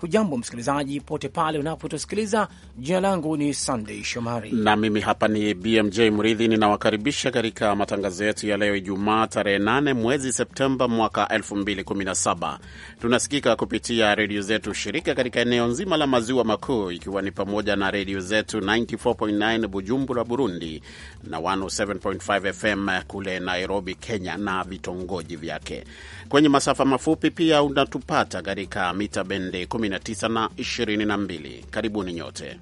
Hujambo msikilizaji, pote pale unapotusikiliza. Jina langu ni sandey Shomari na mimi hapa ni BMJ Mridhi, ninawakaribisha katika matangazo yetu ya leo Ijumaa tarehe 8 mwezi Septemba mwaka 2017. Tunasikika kupitia redio zetu shirika katika eneo nzima la maziwa makuu ikiwa ni pamoja na redio zetu 94.9 Bujumbura, Burundi na 107.5 FM kule Nairobi, Kenya na vitongoji vyake. Kwenye masafa mafupi pia unatupata katika mita bende 19 na 22. Karibuni nyote.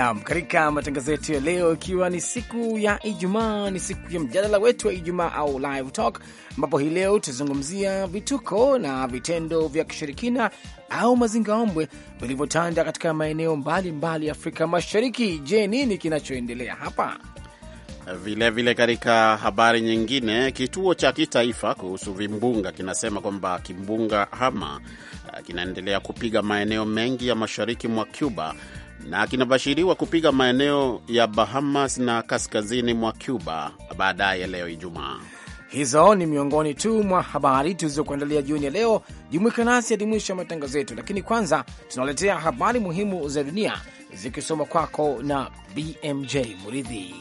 Naam, katika matangazo yetu ya leo, ikiwa ni siku ya Ijumaa, ni siku ya mjadala wetu wa Ijumaa au live talk, ambapo hii leo tutazungumzia vituko na vitendo vya kishirikina au mazingaombwe vilivyotanda katika maeneo mbalimbali ya Afrika Mashariki. Je, nini kinachoendelea hapa? Vilevile, katika habari nyingine, kituo cha kitaifa kuhusu vimbunga kinasema kwamba kimbunga Hama uh, kinaendelea kupiga maeneo mengi ya mashariki mwa Cuba na kinabashiriwa kupiga maeneo ya Bahamas na kaskazini mwa Cuba baadaye leo Ijumaa. Hizo ni miongoni tu mwa habari tulizokuandalia jioni ya leo. Jumuika nasi hadi mwisho ya matangazo yetu, lakini kwanza tunaletea habari muhimu za dunia zikisoma kwako na BMJ Muridhi.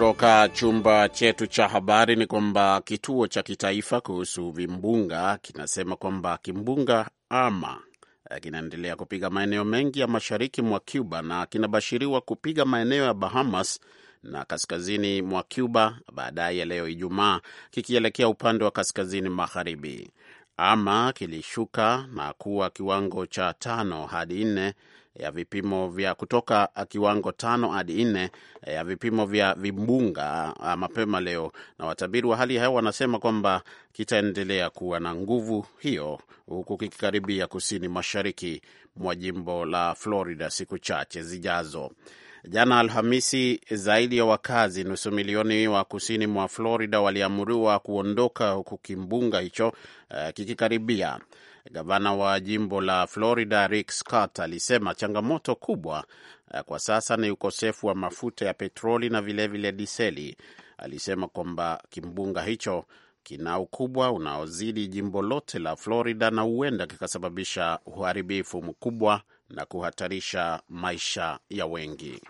kutoka chumba chetu cha habari ni kwamba kituo cha kitaifa kuhusu vimbunga kinasema kwamba kimbunga ama eh, kinaendelea kupiga maeneo mengi ya mashariki mwa Cuba na kinabashiriwa kupiga maeneo ya Bahamas na kaskazini mwa Cuba baadaye ya leo Ijumaa, kikielekea upande wa kaskazini magharibi. Ama kilishuka na kuwa kiwango cha tano hadi nne ya vipimo vya kutoka kiwango tano hadi nne eh, ya vipimo vya vimbunga ah, mapema leo, na watabiri wa hali ya hewa wanasema kwamba kitaendelea kuwa na nguvu hiyo huku kikikaribia kusini mashariki mwa jimbo la Florida siku chache zijazo. Jana Alhamisi, zaidi ya wakazi nusu milioni wa kusini mwa Florida waliamuriwa kuondoka huku kimbunga hicho uh, kikikaribia. Gavana wa jimbo la Florida Rick Scott alisema changamoto kubwa eh, kwa sasa ni ukosefu wa mafuta ya petroli na vilevile diseli. Alisema kwamba kimbunga hicho kina ukubwa unaozidi jimbo lote la Florida na huenda kikasababisha uharibifu mkubwa na kuhatarisha maisha ya wengi.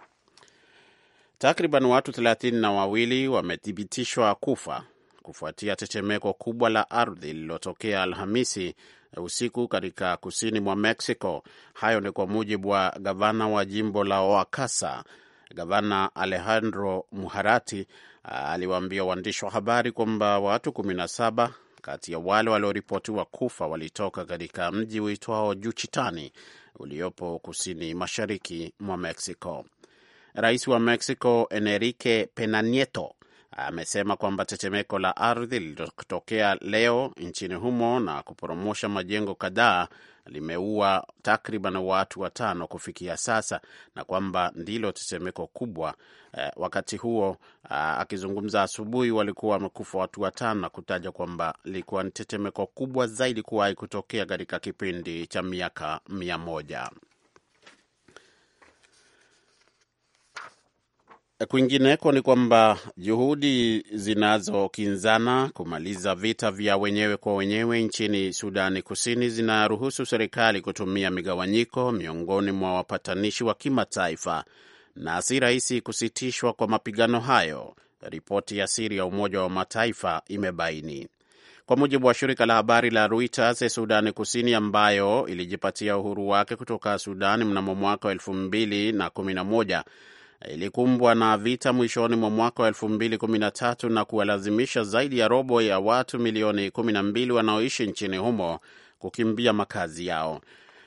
Takriban watu thelathini na wawili wamethibitishwa kufa kufuatia tetemeko kubwa la ardhi lililotokea Alhamisi Eh, usiku katika kusini mwa Mexico. Hayo ni kwa mujibu wa gavana wa jimbo la Oaxaca. Gavana Alejandro Muharati eh, aliwaambia waandishi wa habari kwamba watu 17 kati ya wale walioripotiwa kufa walitoka katika mji uitwao Juchitani uliopo kusini mashariki mwa Mexico. Rais wa Mexico Enrique Pena Nieto amesema kwamba tetemeko la ardhi lililotokea leo nchini humo na kuporomosha majengo kadhaa limeua takriban watu watano kufikia sasa na kwamba ndilo tetemeko kubwa eh. Wakati huo ah, akizungumza asubuhi, walikuwa wamekufa watu watano na kutaja kwamba lilikuwa ni tetemeko kubwa zaidi kuwahi kutokea katika kipindi cha miaka mia moja. Kwingineko ni kwamba juhudi zinazokinzana kumaliza vita vya wenyewe kwa wenyewe nchini Sudani Kusini zinaruhusu serikali kutumia migawanyiko miongoni mwa wapatanishi wa kimataifa na si rahisi kusitishwa kwa mapigano hayo, ripoti ya siri ya Umoja wa Mataifa imebaini. Kwa mujibu wa shirika la habari la Reuters, Sudani Kusini ambayo ilijipatia uhuru wake kutoka Sudani mnamo mwaka wa elfu mbili na kumi na moja ilikumbwa na vita mwishoni mwa mwaka wa 2013 na kuwalazimisha zaidi ya robo ya watu milioni 12 wanaoishi nchini humo kukimbia makazi yao.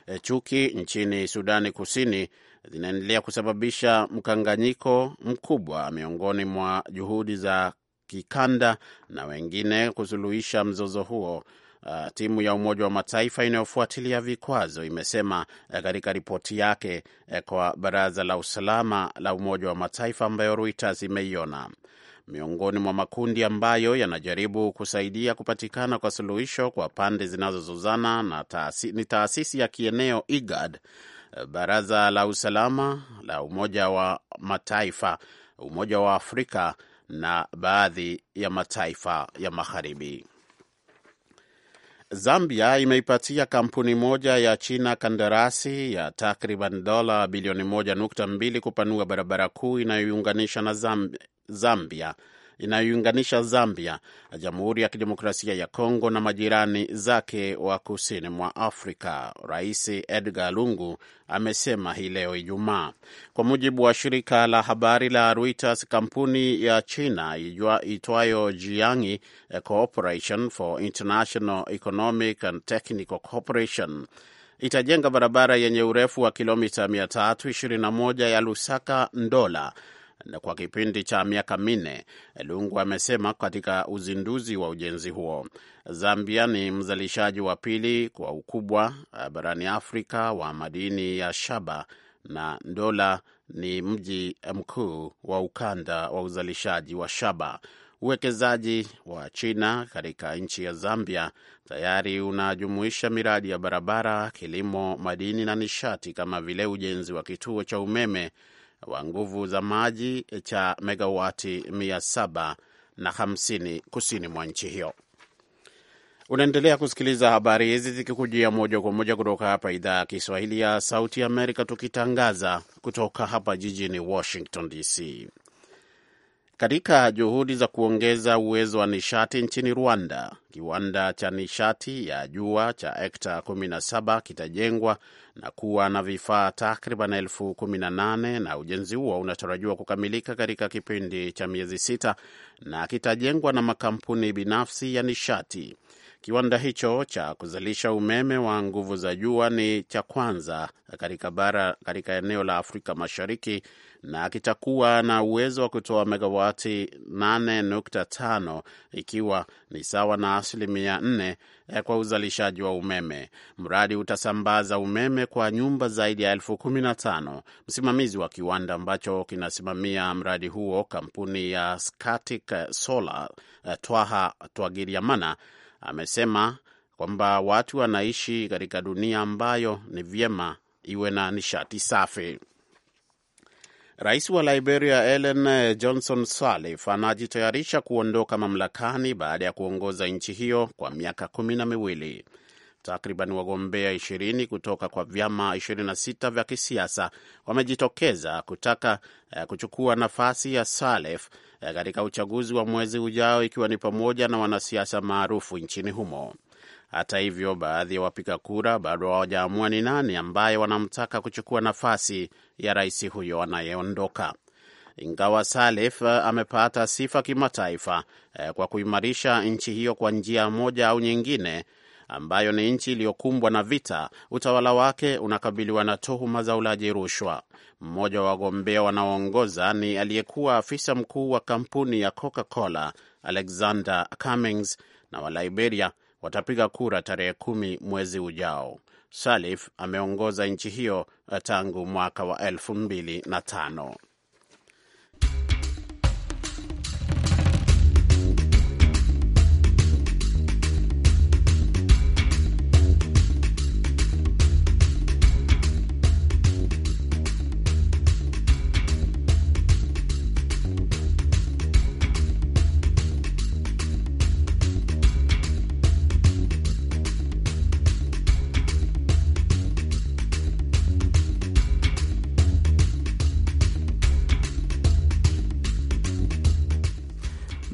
E, chuki nchini Sudani Kusini zinaendelea kusababisha mkanganyiko mkubwa miongoni mwa juhudi za kikanda na wengine kusuluhisha mzozo huo uh, timu ya Umoja wa Mataifa inayofuatilia vikwazo imesema uh, katika ripoti yake uh, kwa Baraza la Usalama la Umoja wa Mataifa ambayo Reuters imeiona miongoni mwa makundi ambayo yanajaribu kusaidia kupatikana kwa suluhisho kwa pande zinazozozana na taasi, ni taasisi ya kieneo IGAD, uh, baraza la usalama la Umoja wa Mataifa, Umoja wa Afrika na baadhi ya mataifa ya Magharibi. Zambia imeipatia kampuni moja ya China kandarasi ya takriban dola bilioni moja nukta mbili kupanua barabara kuu inayoiunganisha na Zambia inayoiunganisha Zambia, Jamhuri ya Kidemokrasia ya Kongo na majirani zake wa kusini mwa Afrika. Rais Edgar Lungu amesema hii leo Ijumaa. Kwa mujibu wa shirika la habari la Reuters, kampuni ya China itwayo Jiang'i Corporation for International Economic and Technical Cooperation itajenga barabara yenye urefu wa kilomita 321 ya Lusaka Ndola kwa kipindi cha miaka minne, Lungu amesema katika uzinduzi wa ujenzi huo. Zambia ni mzalishaji wa pili kwa ukubwa eh, barani Afrika wa madini ya shaba na Ndola ni mji mkuu wa ukanda wa uzalishaji wa shaba. Uwekezaji wa China katika nchi ya Zambia tayari unajumuisha miradi ya barabara, kilimo, madini na nishati kama vile ujenzi wa kituo cha umeme wa nguvu za maji cha megawati 750 kusini mwa nchi hiyo. Unaendelea kusikiliza habari hizi zikikujia moja kwa moja kutoka hapa idhaa ya Kiswahili ya Sauti Amerika, tukitangaza kutoka hapa jijini Washington DC. Katika juhudi za kuongeza uwezo wa nishati nchini Rwanda, kiwanda cha nishati ya jua cha hekta 17 kitajengwa na kuwa na vifaa takriban elfu 18 na na ujenzi huo unatarajiwa kukamilika katika kipindi cha miezi sita na kitajengwa na makampuni binafsi ya nishati. Kiwanda hicho cha kuzalisha umeme wa nguvu za jua ni cha kwanza katika bara katika eneo la Afrika Mashariki na kitakuwa na uwezo wa kutoa megawati 8.5 ikiwa ni sawa na asilimia 4 eh, kwa uzalishaji wa umeme. Mradi utasambaza umeme kwa nyumba zaidi ya elfu kumi na tano. Msimamizi wa kiwanda ambacho kinasimamia mradi huo, kampuni ya scatic Solar, eh, Twaha Twagiriamana amesema kwamba watu wanaishi katika dunia ambayo ni vyema iwe na nishati safi. Rais wa Liberia Ellen Johnson Sirleaf anajitayarisha kuondoka mamlakani baada ya kuongoza nchi hiyo kwa miaka kumi na miwili. Takriban wagombea ishirini kutoka kwa vyama 26 vya kisiasa wamejitokeza kutaka eh, kuchukua nafasi ya Sirleaf Eh, katika uchaguzi wa mwezi ujao, ikiwa ni pamoja na wanasiasa maarufu nchini humo. Hata hivyo, baadhi ya wapiga kura bado hawajaamua ni nani ambaye wanamtaka kuchukua nafasi ya rais huyo anayeondoka. Ingawa Salif eh, amepata sifa kimataifa eh, kwa kuimarisha nchi hiyo kwa njia moja au nyingine, ambayo ni nchi iliyokumbwa na vita, utawala wake unakabiliwa na tuhuma za ulaji rushwa. Mmoja wa wagombea wanaoongoza ni aliyekuwa afisa mkuu wa kampuni ya Coca-Cola Alexander Cummings, na wa Liberia watapiga kura tarehe kumi mwezi ujao. Salif ameongoza nchi hiyo tangu mwaka wa elfu mbili na tano.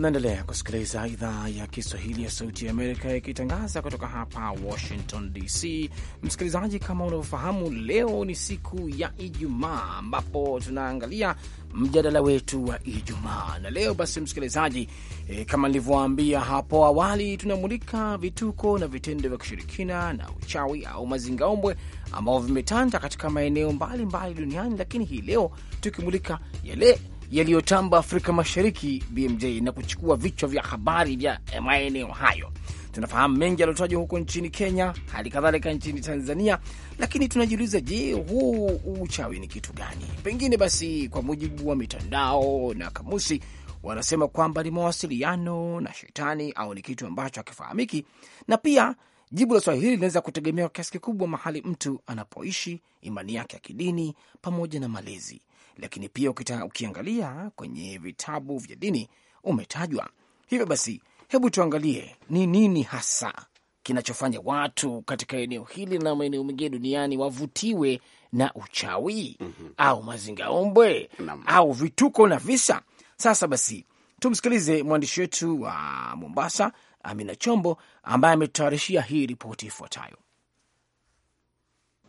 Naendelea kusikiliza idhaa ya Kiswahili ya Sauti ya Amerika ikitangaza kutoka hapa Washington DC. Msikilizaji, kama unavyofahamu, leo ni siku ya Ijumaa ambapo tunaangalia mjadala wetu wa Ijumaa na leo basi, msikilizaji e, kama nilivyoambia hapo awali, tunamulika vituko na vitendo vya kushirikina na uchawi au mazingaombwe ambao vimetanda katika maeneo mbalimbali duniani, lakini hii leo tukimulika yale yaliyotamba Afrika Mashariki BMJ na kuchukua vichwa vya habari vya maeneo hayo. Tunafahamu mengi yaliyotajwa huko nchini Kenya, hali kadhalika nchini Tanzania, lakini tunajiuliza, je, huu uchawi ni kitu gani? Pengine basi, kwa mujibu wa mitandao na kamusi wanasema kwamba ni mawasiliano na shetani au ni kitu ambacho hakifahamiki. Na pia jibu la swali hili linaweza kutegemea kwa kiasi kikubwa mahali mtu anapoishi, imani yake ya kidini, pamoja na malezi lakini pia ukita, ukiangalia kwenye vitabu vya dini umetajwa. Hivyo basi, hebu tuangalie ni nini hasa kinachofanya watu katika eneo hili na maeneo mengine duniani wavutiwe na uchawi mm -hmm. au mazingaombwe au vituko na visa. Sasa basi tumsikilize mwandishi wetu wa Mombasa Amina Chombo ambaye ametayarishia hii ripoti ifuatayo.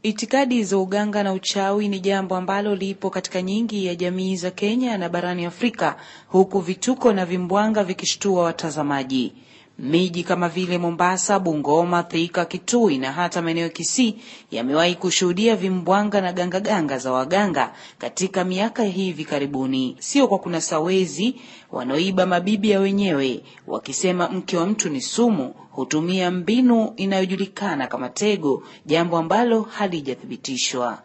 Itikadi za uganga na uchawi ni jambo ambalo lipo katika nyingi ya jamii za Kenya na barani Afrika, huku vituko na vimbwanga vikishtua watazamaji. Miji kama vile Mombasa, Bungoma, Thika, Kitui na hata maeneo ya Kisii yamewahi kushuhudia vimbwanga na gangaganga ganga za waganga katika miaka hivi karibuni, sio kwa kuna sawezi wanaoiba mabibi ya wenyewe wakisema mke wa mtu ni sumu, hutumia mbinu inayojulikana kama tego, jambo ambalo halijathibitishwa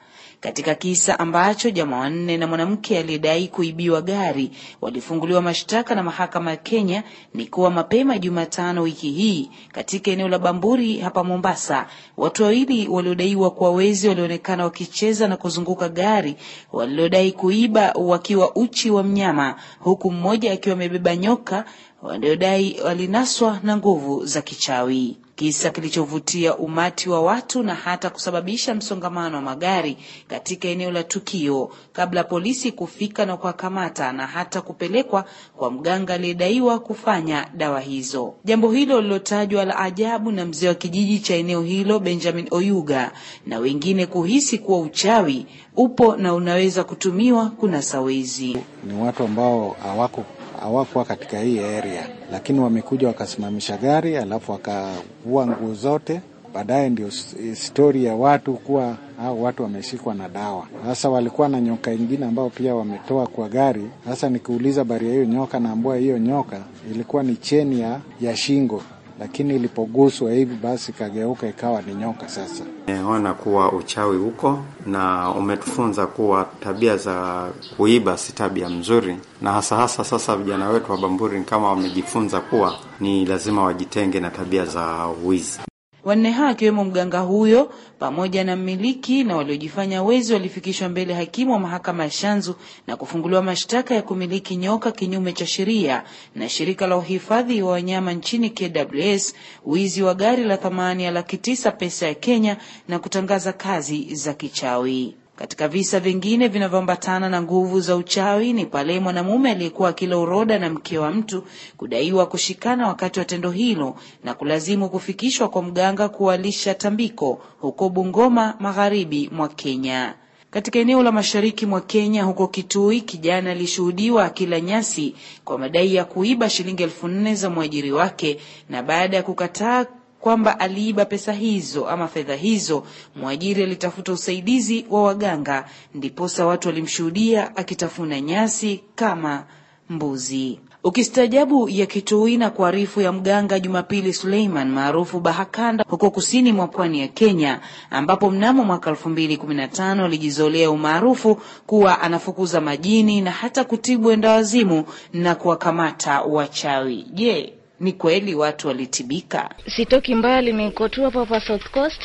katika kisa ambacho jamaa wanne na mwanamke aliyedai kuibiwa gari walifunguliwa mashtaka na mahakama ya Kenya ni kuwa mapema Jumatano wiki hii katika eneo la Bamburi hapa Mombasa, watu wawili waliodaiwa kuwa wezi walionekana wakicheza na kuzunguka gari walilodai kuiba wakiwa uchi wa mnyama, huku mmoja akiwa amebeba nyoka waliodai walinaswa na nguvu za kichawi kisa kilichovutia umati wa watu na hata kusababisha msongamano wa magari katika eneo la tukio kabla polisi kufika na kuwakamata na hata kupelekwa kwa mganga aliyedaiwa kufanya dawa hizo. Jambo hilo lilotajwa la ajabu na mzee wa kijiji cha eneo hilo Benjamin Oyuga na wengine kuhisi kuwa uchawi upo na unaweza kutumiwa kunasa wezi. Ni watu ambao hawako hawakuwa katika hii area, lakini wamekuja wakasimamisha gari, alafu wakavua nguo zote. Baadaye ndio stori ya watu kuwa au watu wameshikwa na dawa. Sasa walikuwa na nyoka ingine ambao pia wametoa kwa gari. Sasa nikiuliza bari ya hiyo nyoka, naambua hiyo nyoka ilikuwa ni cheni ya, ya shingo lakini ilipoguswa hivi basi ikageuka ikawa ni nyoka. Sasa ona kuwa uchawi huko na umetufunza kuwa tabia za kuiba si tabia mzuri, na hasa hasa sasa vijana wetu wa Bamburi kama wamejifunza kuwa ni lazima wajitenge na tabia za wizi. Wanne hao akiwemo mganga huyo pamoja na mmiliki na waliojifanya wezi walifikishwa mbele hakimu wa mahakama ya Shanzu na kufunguliwa mashtaka ya kumiliki nyoka kinyume cha sheria na shirika la uhifadhi wa wanyama nchini KWS, wizi wa gari la thamani ya laki tisa pesa ya Kenya na kutangaza kazi za kichawi. Katika visa vingine vinavyoambatana na nguvu za uchawi ni pale mwanamume aliyekuwa akila uroda na mke wa mtu kudaiwa kushikana wakati wa tendo hilo na kulazimu kufikishwa kwa mganga kuwalisha tambiko huko Bungoma, magharibi mwa Kenya. Katika eneo la mashariki mwa Kenya huko Kitui, kijana alishuhudiwa akila nyasi kwa madai ya kuiba shilingi elfu nne za mwajiri wake, na baada ya kukataa kwamba aliiba pesa hizo ama fedha hizo. Mwajiri alitafuta usaidizi wa waganga, ndiposa watu walimshuhudia akitafuna nyasi kama mbuzi. Ukistaajabu ya kitowina kuarifu ya mganga Jumapili Suleiman maarufu Bahakanda huko kusini mwa pwani ya Kenya, ambapo mnamo mwaka 2015 alijizolea umaarufu kuwa anafukuza majini na hata kutibu endawazimu na kuwakamata wachawi. Je, ni kweli watu walitibika. Sitoki mbali, niko tu hapa hapa South Coast.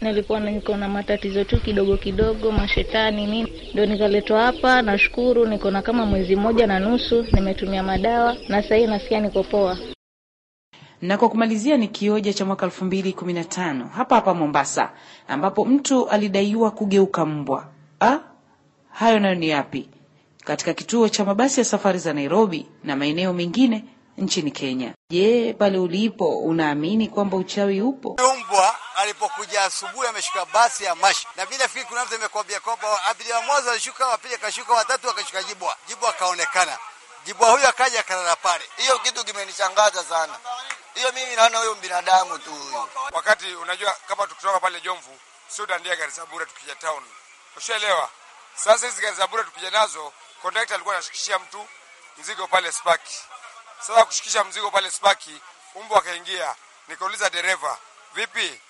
Nilikuwa niko na matatizo tu kidogo kidogo, mashetani nini, ndo nikaletwa hapa. Nashukuru niko na kama mwezi mmoja na nusu nimetumia madawa na sahii nasikia niko poa. Na kwa kumalizia ni kioja cha mwaka elfu mbili kumi na tano hapa hapa Mombasa, ambapo mtu alidaiwa kugeuka mbwa. Ha? hayo nayo ni yapi? Katika kituo cha mabasi ya safari za Nairobi na maeneo mengine nchini Kenya. Je, pale ulipo unaamini kwamba uchawi upo? Mbwa alipokuja asubuhi ameshika basi ya mashi, na vile fikiri kuna mtu amekwambia kwamba abiria wa mwanzo alishuka, wa pili akashuka, watatu akashuka, jibwa jibwa akaonekana, jibwa huyo akaja akalala pale. Hiyo kitu kimenishangaza sana. Hiyo mimi naona huyo binadamu tu huyo. Wakati unajua kama tukitoka pale Jomvu sio tandia gari za bure tukija town. Ushaelewa? Sasa hizi gari za bure tukija nazo, kondakta alikuwa anashikishia mtu mzigo pale Spaki. Sasa kushikisha mzigo pale spaki umbo akaingia, nikauliza dereva, vipi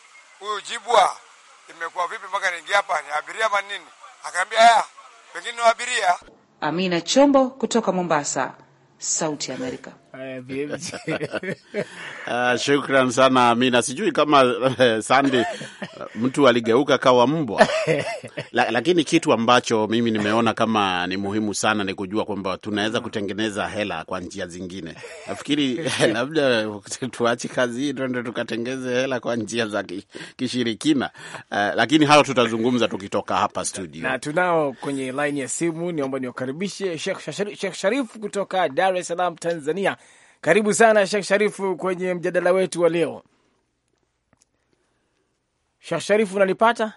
huyu jibwa imekuwa vipi mpaka niingia hapa, ni abiria ama nini? Akaambia haya pengine ni abiria. Amina Chombo kutoka Mombasa, Sauti ya Amerika. Uh, shukran sana Amina. Sijui kama uh, Sandi mtu aligeuka kawa mbwa La, lakini kitu ambacho mimi nimeona kama ni muhimu sana ni kujua kwamba tunaweza kutengeneza hela kwa njia zingine. Nafikiri labda tuache kazi hii tuende tukatengeze hela kwa njia za kishirikina. Uh, lakini hayo tutazungumza tukitoka hapa studio, na tunao kwenye laini ya simu, niomba niwakaribishe Sheikh Sharifu kutoka Dar es Salaam, Tanzania. Karibu sana Shekh Sharifu kwenye mjadala wetu wa leo. Shekh Sharifu, unanipata?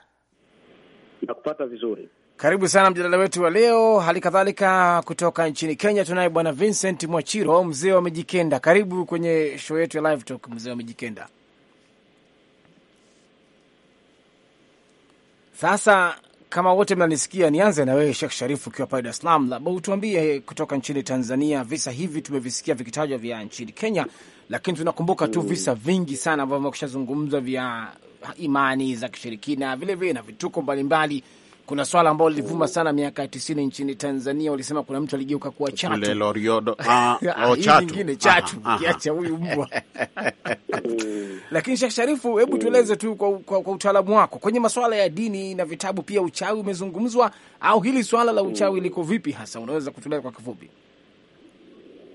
Nakupata vizuri. Karibu sana mjadala wetu wa leo. Hali kadhalika kutoka nchini Kenya tunaye bwana Vincent Mwachiro, mzee wa Mijikenda. Karibu kwenye show yetu ya Live Talk, mzee wa Mijikenda. Sasa kama wote mnanisikia, nianze na wewe Sheikh Sharifu ukiwa pale Dar es Salaam, labda utuambie kutoka nchini Tanzania, visa hivi tumevisikia vikitajwa vya nchini Kenya, lakini tunakumbuka tu visa vingi sana ambavyo vimekushazungumzwa vya imani za kishirikina vilevile na vituko mbalimbali mbali kuna swala ambalo lilivuma sana miaka ya tisini nchini Tanzania, walisema kuna mtu aligeuka kuwa chatu loriodo, ah, ah, oh, nyingine chatu, kiacha huyu mbwa Lakini Sheikh Sharifu, hebu tueleze tu kwa, kwa, kwa utaalamu wako kwenye masuala ya dini na vitabu, pia uchawi umezungumzwa au hili swala la uchawi liko vipi hasa? Unaweza kutuelea kwa kifupi?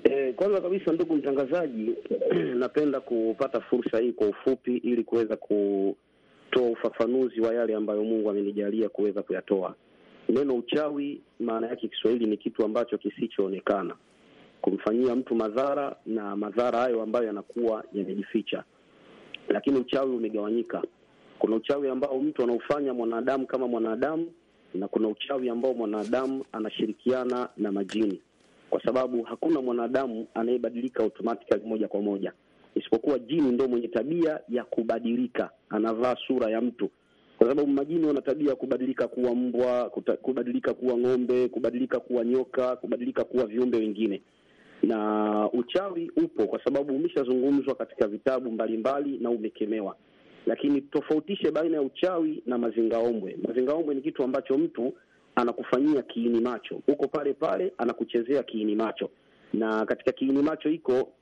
Eh, kwanza kabisa ndugu mtangazaji, napenda kupata fursa hii kwa ufupi ili kuweza ku kutoa ufafanuzi wa yale ambayo Mungu amenijalia kuweza kuyatoa. Neno uchawi maana yake Kiswahili ni kitu ambacho kisichoonekana, kumfanyia mtu madhara na madhara hayo ambayo yanakuwa yamejificha. Lakini uchawi umegawanyika, kuna uchawi ambao mtu anaufanya mwanadamu kama mwanadamu, na kuna uchawi ambao mwanadamu anashirikiana na majini, kwa sababu hakuna mwanadamu anayebadilika automatically moja kwa moja isipokuwa jini ndo mwenye tabia ya kubadilika, anavaa sura ya mtu, kwa sababu majini wana tabia ya kubadilika kuwa mbwa, kubadilika kuwa ng'ombe, kubadilika kuwa nyoka, kubadilika kuwa viumbe wengine. Na uchawi upo kwa sababu umeshazungumzwa katika vitabu mbalimbali mbali na umekemewa, lakini tofautishe baina ya uchawi na mazingaombwe. Mazingaombwe ni kitu ambacho mtu anakufanyia kiini macho, uko pale pale anakuchezea kiini macho, na katika kiini macho iko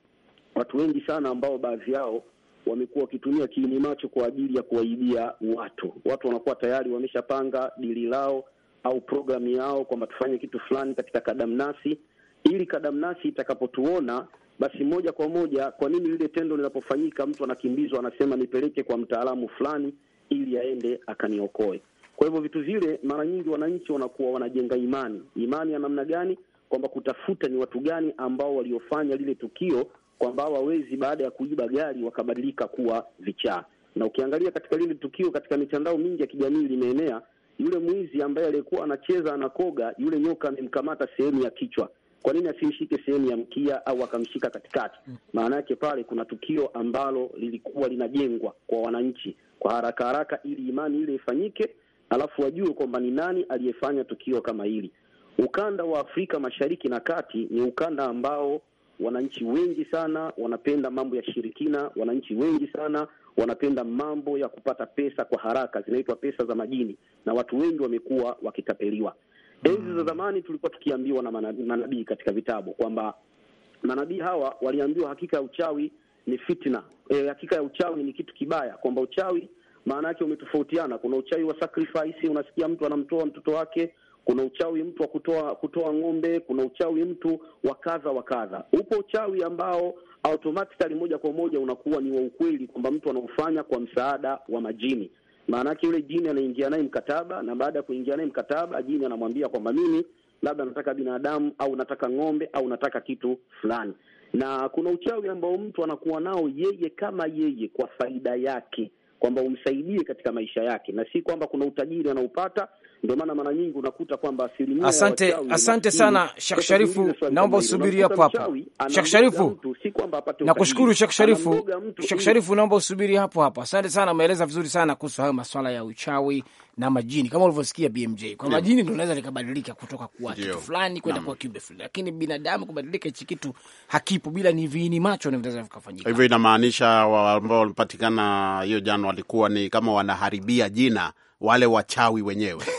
watu wengi sana ambao baadhi yao wamekuwa wakitumia kiini macho kwa ajili ya kuwaibia watu. Watu wanakuwa tayari wameshapanga dili lao au programu yao kwamba tufanye kitu fulani katika kadamnasi, ili kadamnasi itakapotuona basi moja kwa moja. Kwa nini lile tendo linapofanyika mtu anakimbizwa, anasema nipeleke kwa mtaalamu fulani ili aende akaniokoe? Kwa hivyo vitu vile, mara nyingi wananchi wanakuwa wanajenga imani. Imani ya namna gani? Kwamba kutafuta ni watu gani ambao waliofanya lile tukio kwamba hawa wezi baada ya kuiba gari wakabadilika kuwa vichaa. Na ukiangalia katika lile tukio katika mitandao mingi ya kijamii limeenea, yule mwizi ambaye aliyekuwa anacheza anakoga, yule nyoka amemkamata sehemu ya kichwa. Kwa nini asimshike sehemu ya mkia au akamshika katikati? Maana yake pale kuna tukio ambalo lilikuwa linajengwa kwa wananchi kwa haraka haraka, ili imani ile ifanyike, alafu wajue kwamba ni nani aliyefanya tukio kama hili. Ukanda wa Afrika Mashariki na Kati ni ukanda ambao wananchi wengi sana wanapenda mambo ya shirikina, wananchi wengi sana wanapenda mambo ya kupata pesa kwa haraka, zinaitwa pesa za majini, na watu wengi wamekuwa wakitapeliwa. Hmm. Enzi za zamani tulikuwa tukiambiwa na manabii katika vitabu kwamba manabii hawa waliambiwa hakika ya uchawi ni fitna, e, hakika ya uchawi ni kitu kibaya, kwamba uchawi maana yake umetofautiana. Kuna uchawi wa sacrifice, unasikia mtu anamtoa mtoto wake kuna uchawi mtu wa kutoa kutoa ng'ombe, kuna uchawi mtu wa kadha wa kadha. Upo uchawi ambao automatically moja kwa moja unakuwa ni wa ukweli kwamba mtu anaofanya kwa msaada wa majini. Maanake yule jini anaingia naye mkataba, na baada ya kuingia naye mkataba, jini anamwambia kwamba mimi labda nataka binadamu au nataka ng'ombe au nataka kitu fulani. Na kuna uchawi ambao mtu anakuwa nao yeye kama yeye kwa faida yake, kwamba umsaidie katika maisha yake, na si kwamba kuna utajiri anaupata ndio maana mara nyingi unakuta kwamba asilimia. Asante, asante sana Sheikh Sharifu, naomba usubiri hapo hapo. Sheikh Sharifu, nakushukuru Sheikh Sharifu. Sheikh Sharifu, naomba usubiri hapo hapo. Asante sana, umeeleza vizuri sana kuhusu hayo masuala ya uchawi na majini, kama ulivyosikia BMJ, kwa majini ndio unaweza likabadilika kutoka kuwa kitu fulani kwenda kuwa kiumbe fulani, lakini binadamu kubadilika, hichi kitu hakipo, bila ni viini macho ndio vinaweza vikafanyika hivyo. Inamaanisha ambao walipatikana hiyo jana walikuwa ni kama wanaharibia jina wale wachawi wenyewe.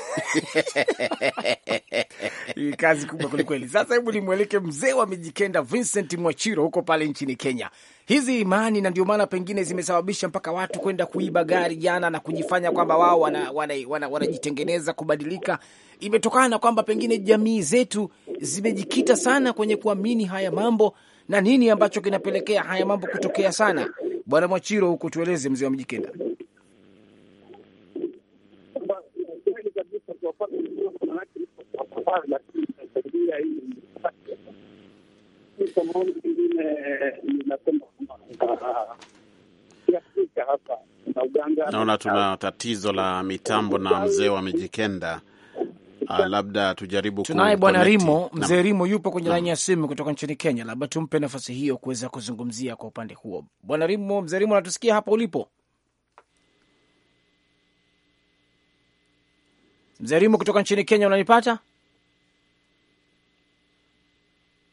Kazi kubwa kwelikweli. Sasa hebu nimweleke mzee wa Mijikenda Vincent Mwachiro huko pale nchini Kenya. Hizi imani na ndio maana pengine zimesababisha mpaka watu kwenda kuiba gari jana na kujifanya kwamba wao wanajitengeneza wana, wana, wana kubadilika, imetokana na kwamba pengine jamii zetu zimejikita sana kwenye kuamini haya mambo. Na nini ambacho kinapelekea haya mambo kutokea sana? Bwana Mwachiro, huko tueleze, mzee wa Mijikenda. sawa, lakini inasaidia hii kwa maoni mengine, eh, ninasema Afrika hapa na Uganda. Naona tuna tatizo la mitambo na mzee wa Mijikenda. Uh, labda tujaribu tunaye bwana Rimo, mzee Rimo yupo kwenye laini ya simu kutoka nchini Kenya, labda tumpe nafasi hiyo kuweza kuzungumzia kwa upande huo. Bwana Rimo, mzee Rimo, anatusikia hapa ulipo? Mzee Rimo kutoka nchini Kenya, unanipata?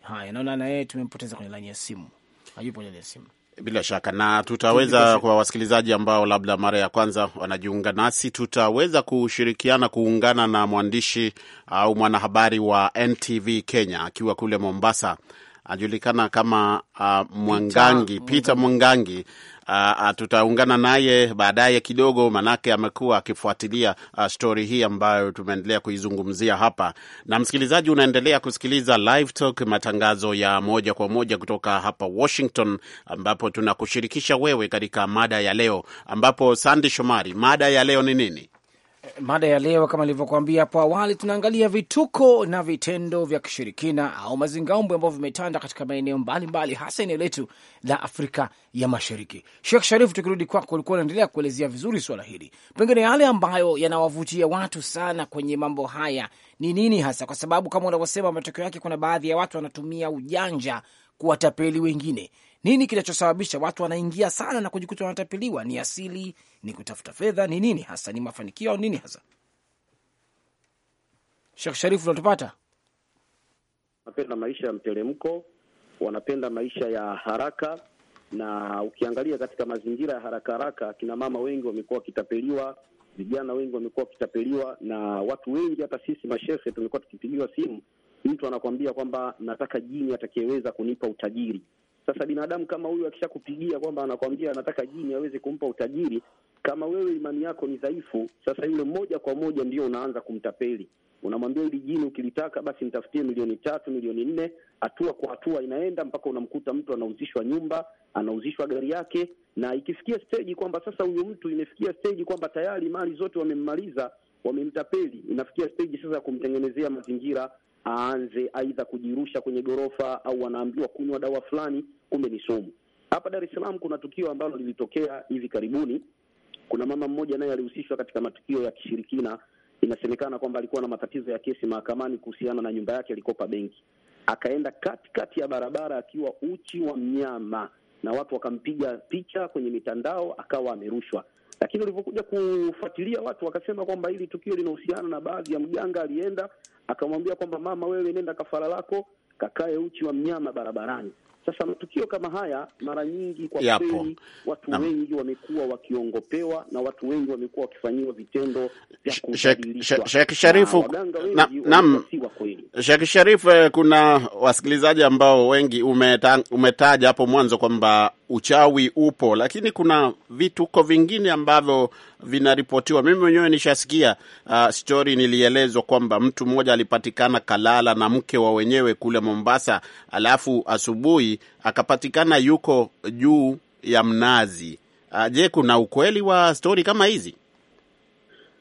Haya, naona na yeye tumempoteza kwenye laini ya simu, hayupo kwenye laini ya simu bila shaka na tutaweza kwa wasikilizaji ambao labda mara ya kwanza wanajiunga nasi, tutaweza kushirikiana kuungana na mwandishi au mwanahabari wa NTV Kenya akiwa kule Mombasa, anajulikana kama uh, Mwangangi Peter Mwangangi Uh, tutaungana naye baadaye kidogo, manake amekuwa akifuatilia uh, ah, stori hii ambayo tumeendelea kuizungumzia hapa. Na msikilizaji, unaendelea kusikiliza Live Talk, matangazo ya moja kwa moja kutoka hapa Washington, ambapo tunakushirikisha wewe katika mada ya leo, ambapo Sandi Shomari, mada ya leo ni nini? Eh, mada ya leo kama nilivyokuambia hapo awali, tunaangalia vituko na vitendo vya kishirikina au mazingaombwe ambayo vimetanda katika maeneo mbalimbali, hasa eneo letu la Afrika ya Mashariki. Sheikh Sharif, tukirudi kwako, ulikuwa unaendelea kuelezea vizuri swala hili, pengine yale ambayo yanawavutia watu sana kwenye mambo haya ni nini hasa? Kwa sababu kama unavyosema, matokeo yake kuna baadhi ya watu wanatumia ujanja kuwatapeli wengine nini kinachosababisha watu wanaingia sana na kujikuta wanatapeliwa? Ni asili? Ni kutafuta fedha? Ni nini hasa? Ni mafanikio au nini hasa? Shekh Sharifu, unatupata? Wanapenda maisha ya mteremko, wanapenda maisha ya haraka, na ukiangalia katika mazingira ya haraka haraka, akina mama wengi wamekuwa wakitapeliwa, vijana wengi wamekuwa wakitapeliwa, na watu wengi, hata sisi mashehe tumekuwa tukipigiwa simu, mtu anakuambia kwamba nataka jini atakayeweza kunipa utajiri sasa binadamu kama huyu akishakupigia kwamba anakwambia anataka jini aweze kumpa utajiri, kama wewe imani yako ni dhaifu, sasa yule moja kwa moja ndio unaanza kumtapeli. Unamwambia ili jini ukilitaka basi nitafutie milioni tatu, milioni nne. Hatua kwa hatua inaenda mpaka unamkuta mtu anauzishwa nyumba, anauzishwa gari yake, na ikifikia steji kwamba sasa huyu mtu imefikia steji kwamba tayari mali zote wamemmaliza, wamemtapeli, inafikia steji sasa ya kumtengenezea mazingira aanze aidha kujirusha kwenye ghorofa au anaambiwa kunywa dawa fulani, kumbe ni sumu. Hapa Dar es Salaam kuna tukio ambalo lilitokea hivi karibuni. Kuna mama mmoja naye alihusishwa katika matukio ya kishirikina. Inasemekana kwamba alikuwa na matatizo ya kesi mahakamani kuhusiana na nyumba yake alikopa benki, akaenda katikati ya barabara akiwa uchi wa mnyama, na watu wakampiga picha kwenye mitandao, akawa amerushwa lakini walivyokuja kufuatilia watu wakasema kwamba hili tukio linahusiana na baadhi ya mganga alienda akamwambia kwamba mama, wewe nenda kafara lako kakae uchi wa mnyama barabarani. Sasa matukio kama haya mara nyingi kwa kweli watu na wengi wamekuwa wakiongopewa na watu wengi wamekuwa wakifanyiwa vitendo vya Sheikh Sharif, naam, Sheikh eh, kuna wasikilizaji ambao wengi umeta, umetaja hapo mwanzo kwamba uchawi upo, lakini kuna vituko vingine ambavyo vinaripotiwa. Mimi mwenyewe nishasikia uh, ah, stori nilielezwa kwamba mtu mmoja alipatikana kalala na mke wa wenyewe kule Mombasa, alafu asubuhi akapatikana yuko juu ya mnazi. Ah, je, kuna ukweli wa stori kama hizi?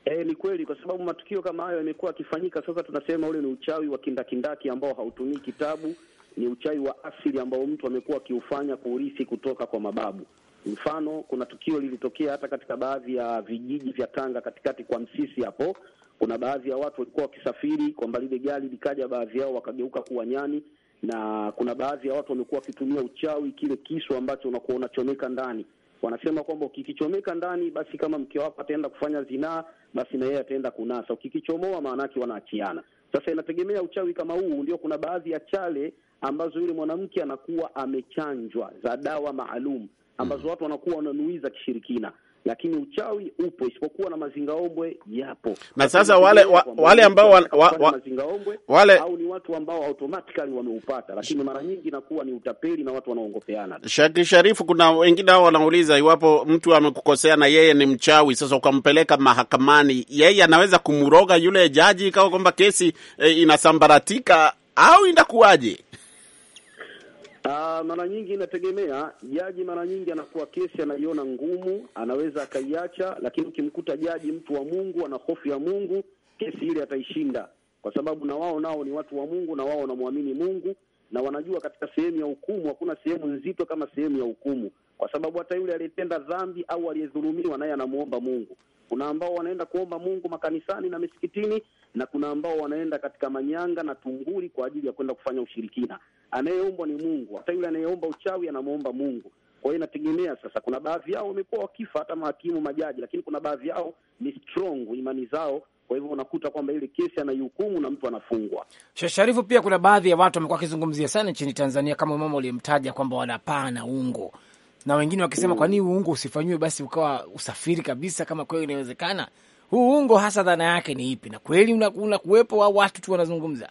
E, ni kweli kwa sababu matukio kama hayo yamekuwa yakifanyika. Sasa tunasema ule ni uchawi wa kindakindaki ambao hautumii kitabu, ni uchawi wa asili ambao mtu amekuwa akiufanya kuurithi kutoka kwa mababu. Mfano, kuna tukio lilitokea hata katika baadhi ya vijiji vya Tanga katikati kwa Msisi hapo kuna baadhi ya watu walikuwa wakisafiri kwamba lile gari likaja, baadhi yao wakageuka kuwa nyani, na kuna baadhi ya watu wamekuwa wakitumia uchawi, kile kisu ambacho unakuwa unachomeka ndani. Wanasema kwamba ukikichomeka ndani, basi kama mke wako ataenda kufanya zinaa, basi na yeye ataenda kunasa. Ukikichomoa, maana yake wanaachiana. Sasa inategemea uchawi kama huu, ndio kuna baadhi ya chale ambazo yule mwanamke anakuwa amechanjwa za dawa maalum ambazo mm. watu wanakuwa wananuiza kishirikina lakini uchawi upo, isipokuwa na mazingaombwe yapo. Na sasa wale wa, wale ambao wa, wa, mazingaombwe wale au ni watu ambao automatically wameupata, lakini mara nyingi inakuwa ni utapeli na watu wanaongopeana. Shaki Sharifu, kuna wengine hao wanauliza iwapo mtu amekukosea na yeye ni mchawi, sasa ukampeleka mahakamani, yeye anaweza kumroga yule jaji ikawa kwamba kesi e, inasambaratika au inakuwaje? Uh, mara nyingi inategemea jaji. Mara nyingi anakuwa kesi anaiona ngumu, anaweza akaiacha, lakini ukimkuta jaji mtu wa Mungu, ana hofu ya Mungu, kesi ile ataishinda, kwa sababu na wao nao ni watu wa Mungu, na wao wanamwamini Mungu na wanajua katika sehemu ya hukumu hakuna sehemu nzito kama sehemu ya hukumu, kwa sababu hata yule aliyetenda dhambi au aliyedhulumiwa naye anamuomba Mungu. Kuna ambao wanaenda kuomba Mungu makanisani na misikitini, na kuna ambao wanaenda katika manyanga na tunguri kwa ajili ya kwenda kufanya ushirikina. Anayeombwa ni Mungu, hata yule anayeomba uchawi anamwomba Mungu. Kwa hiyo inategemea sasa. Kuna baadhi yao wamekuwa wakifa hata mahakimu, majaji, lakini kuna baadhi yao ni strong imani zao kwa hivyo unakuta kwamba ile kesi anaihukumu na mtu anafungwa. Sharifu, pia kuna baadhi ya watu wamekuwa wakizungumzia sana nchini Tanzania, kama mama uliyemtaja kwamba wanapaa na ungo na wengine wakisema mm, kwa nini uungo usifanyiwe basi ukawa usafiri kabisa, kama kweli inawezekana? Huu uungo hasa dhana yake ni ipi, na kweli kuwepo au watu tu wanazungumza?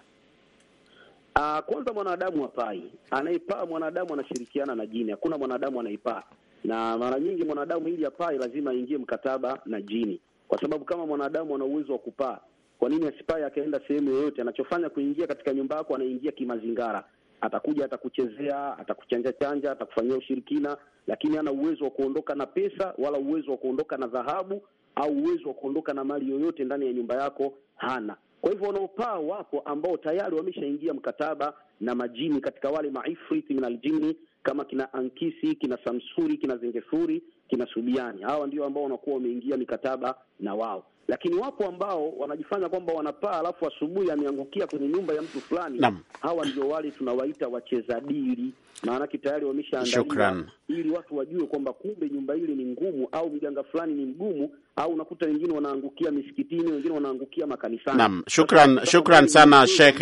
Uh, kwanza mwanadamu hapai, anaipaa mwanadamu anashirikiana na jini, hakuna mwanadamu anaipaa. Na mara nyingi mwanadamu ili apai lazima aingie mkataba na jini, kwa sababu kama mwanadamu ana uwezo wa kupaa, kwa nini asipai akaenda sehemu yoyote? Anachofanya kuingia katika nyumba yako, anaingia kimazingara atakuja atakuchezea, atakuchanja chanja, atakufanyia ushirikina, lakini hana uwezo wa kuondoka na pesa wala uwezo wa kuondoka na dhahabu au uwezo wa kuondoka na mali yoyote ndani ya nyumba yako hana. Kwa hivyo wanaopaa wapo ambao tayari wameshaingia mkataba na majini katika wale maifriti min aljini kama kina Ankisi, kina Samsuri, kina Zengefuri, kina Subiani. Hawa ndio ambao wanakuwa wameingia mikataba na wao lakini wapo ambao wanajifanya kwamba wanapaa, alafu asubuhi ameangukia kwenye nyumba ya mtu fulani. Hawa ndio wale tunawaita wacheza dili, maanake tayari wameshaandaliwa ili watu wajue kwamba kumbe nyumba ile ni ngumu au mganga fulani ni mgumu, au unakuta wengine wanaangukia misikitini, wengine wanaangukia makanisani. Naam, shukran, shukran sana Sheikh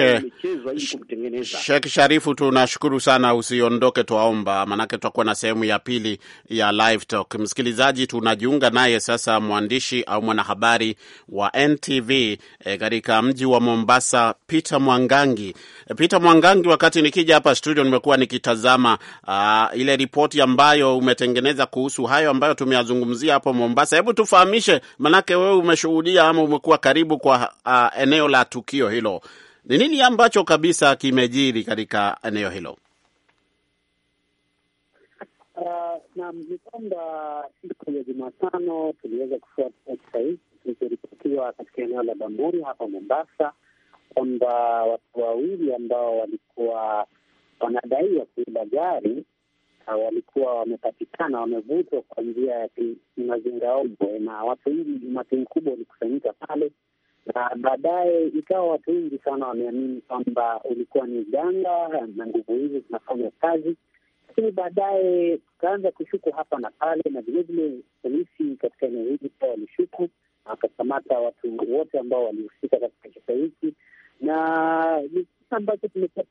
Sheikh Sharifu, tunashukuru sana. Usiondoke, twaomba, manake tutakuwa na sehemu ya pili ya live talk. Msikilizaji, tunajiunga naye sasa mwandishi au mwanahabari wa NTV eh, katika e, mji wa Mombasa, Peter Mwangangi. E, Peter Mwangangi, wakati nikija hapa studio nimekuwa nikitazama a, ah, ile ripoti ambayo umetengeneza kuhusu hayo ambayo tumeyazungumzia hapo Mombasa. Hebu tufahamishe tufahamishe, manake wewe umeshuhudia ama umekuwa karibu kwa a, eneo la tukio hilo. Ni nini ambacho kabisa kimejiri katika eneo hilo? Ah, naam, ni kwamba siku ya Jumatano tuliweza kufuata kilichoripotiwa katika eneo la Bamburi hapa Mombasa kwamba watu wawili ambao walikuwa wanadaiwa kuiba gari Ah, walikuwa wamepatikana wamevutwa kwa njia ya mazingaombwe, na watu wengi, umati mkubwa ulikusanyika pale, na baadaye ikawa watu wengi sana wameamini kwamba ulikuwa ni uganga na nguvu hizi zinafanya kazi, lakini baadaye tukaanza kushuku hapa na pale, na vilevile polisi katika eneo hili pia walishuku na wakakamata watu wote ambao walihusika katika kisa hiki na ambacho tumekuwa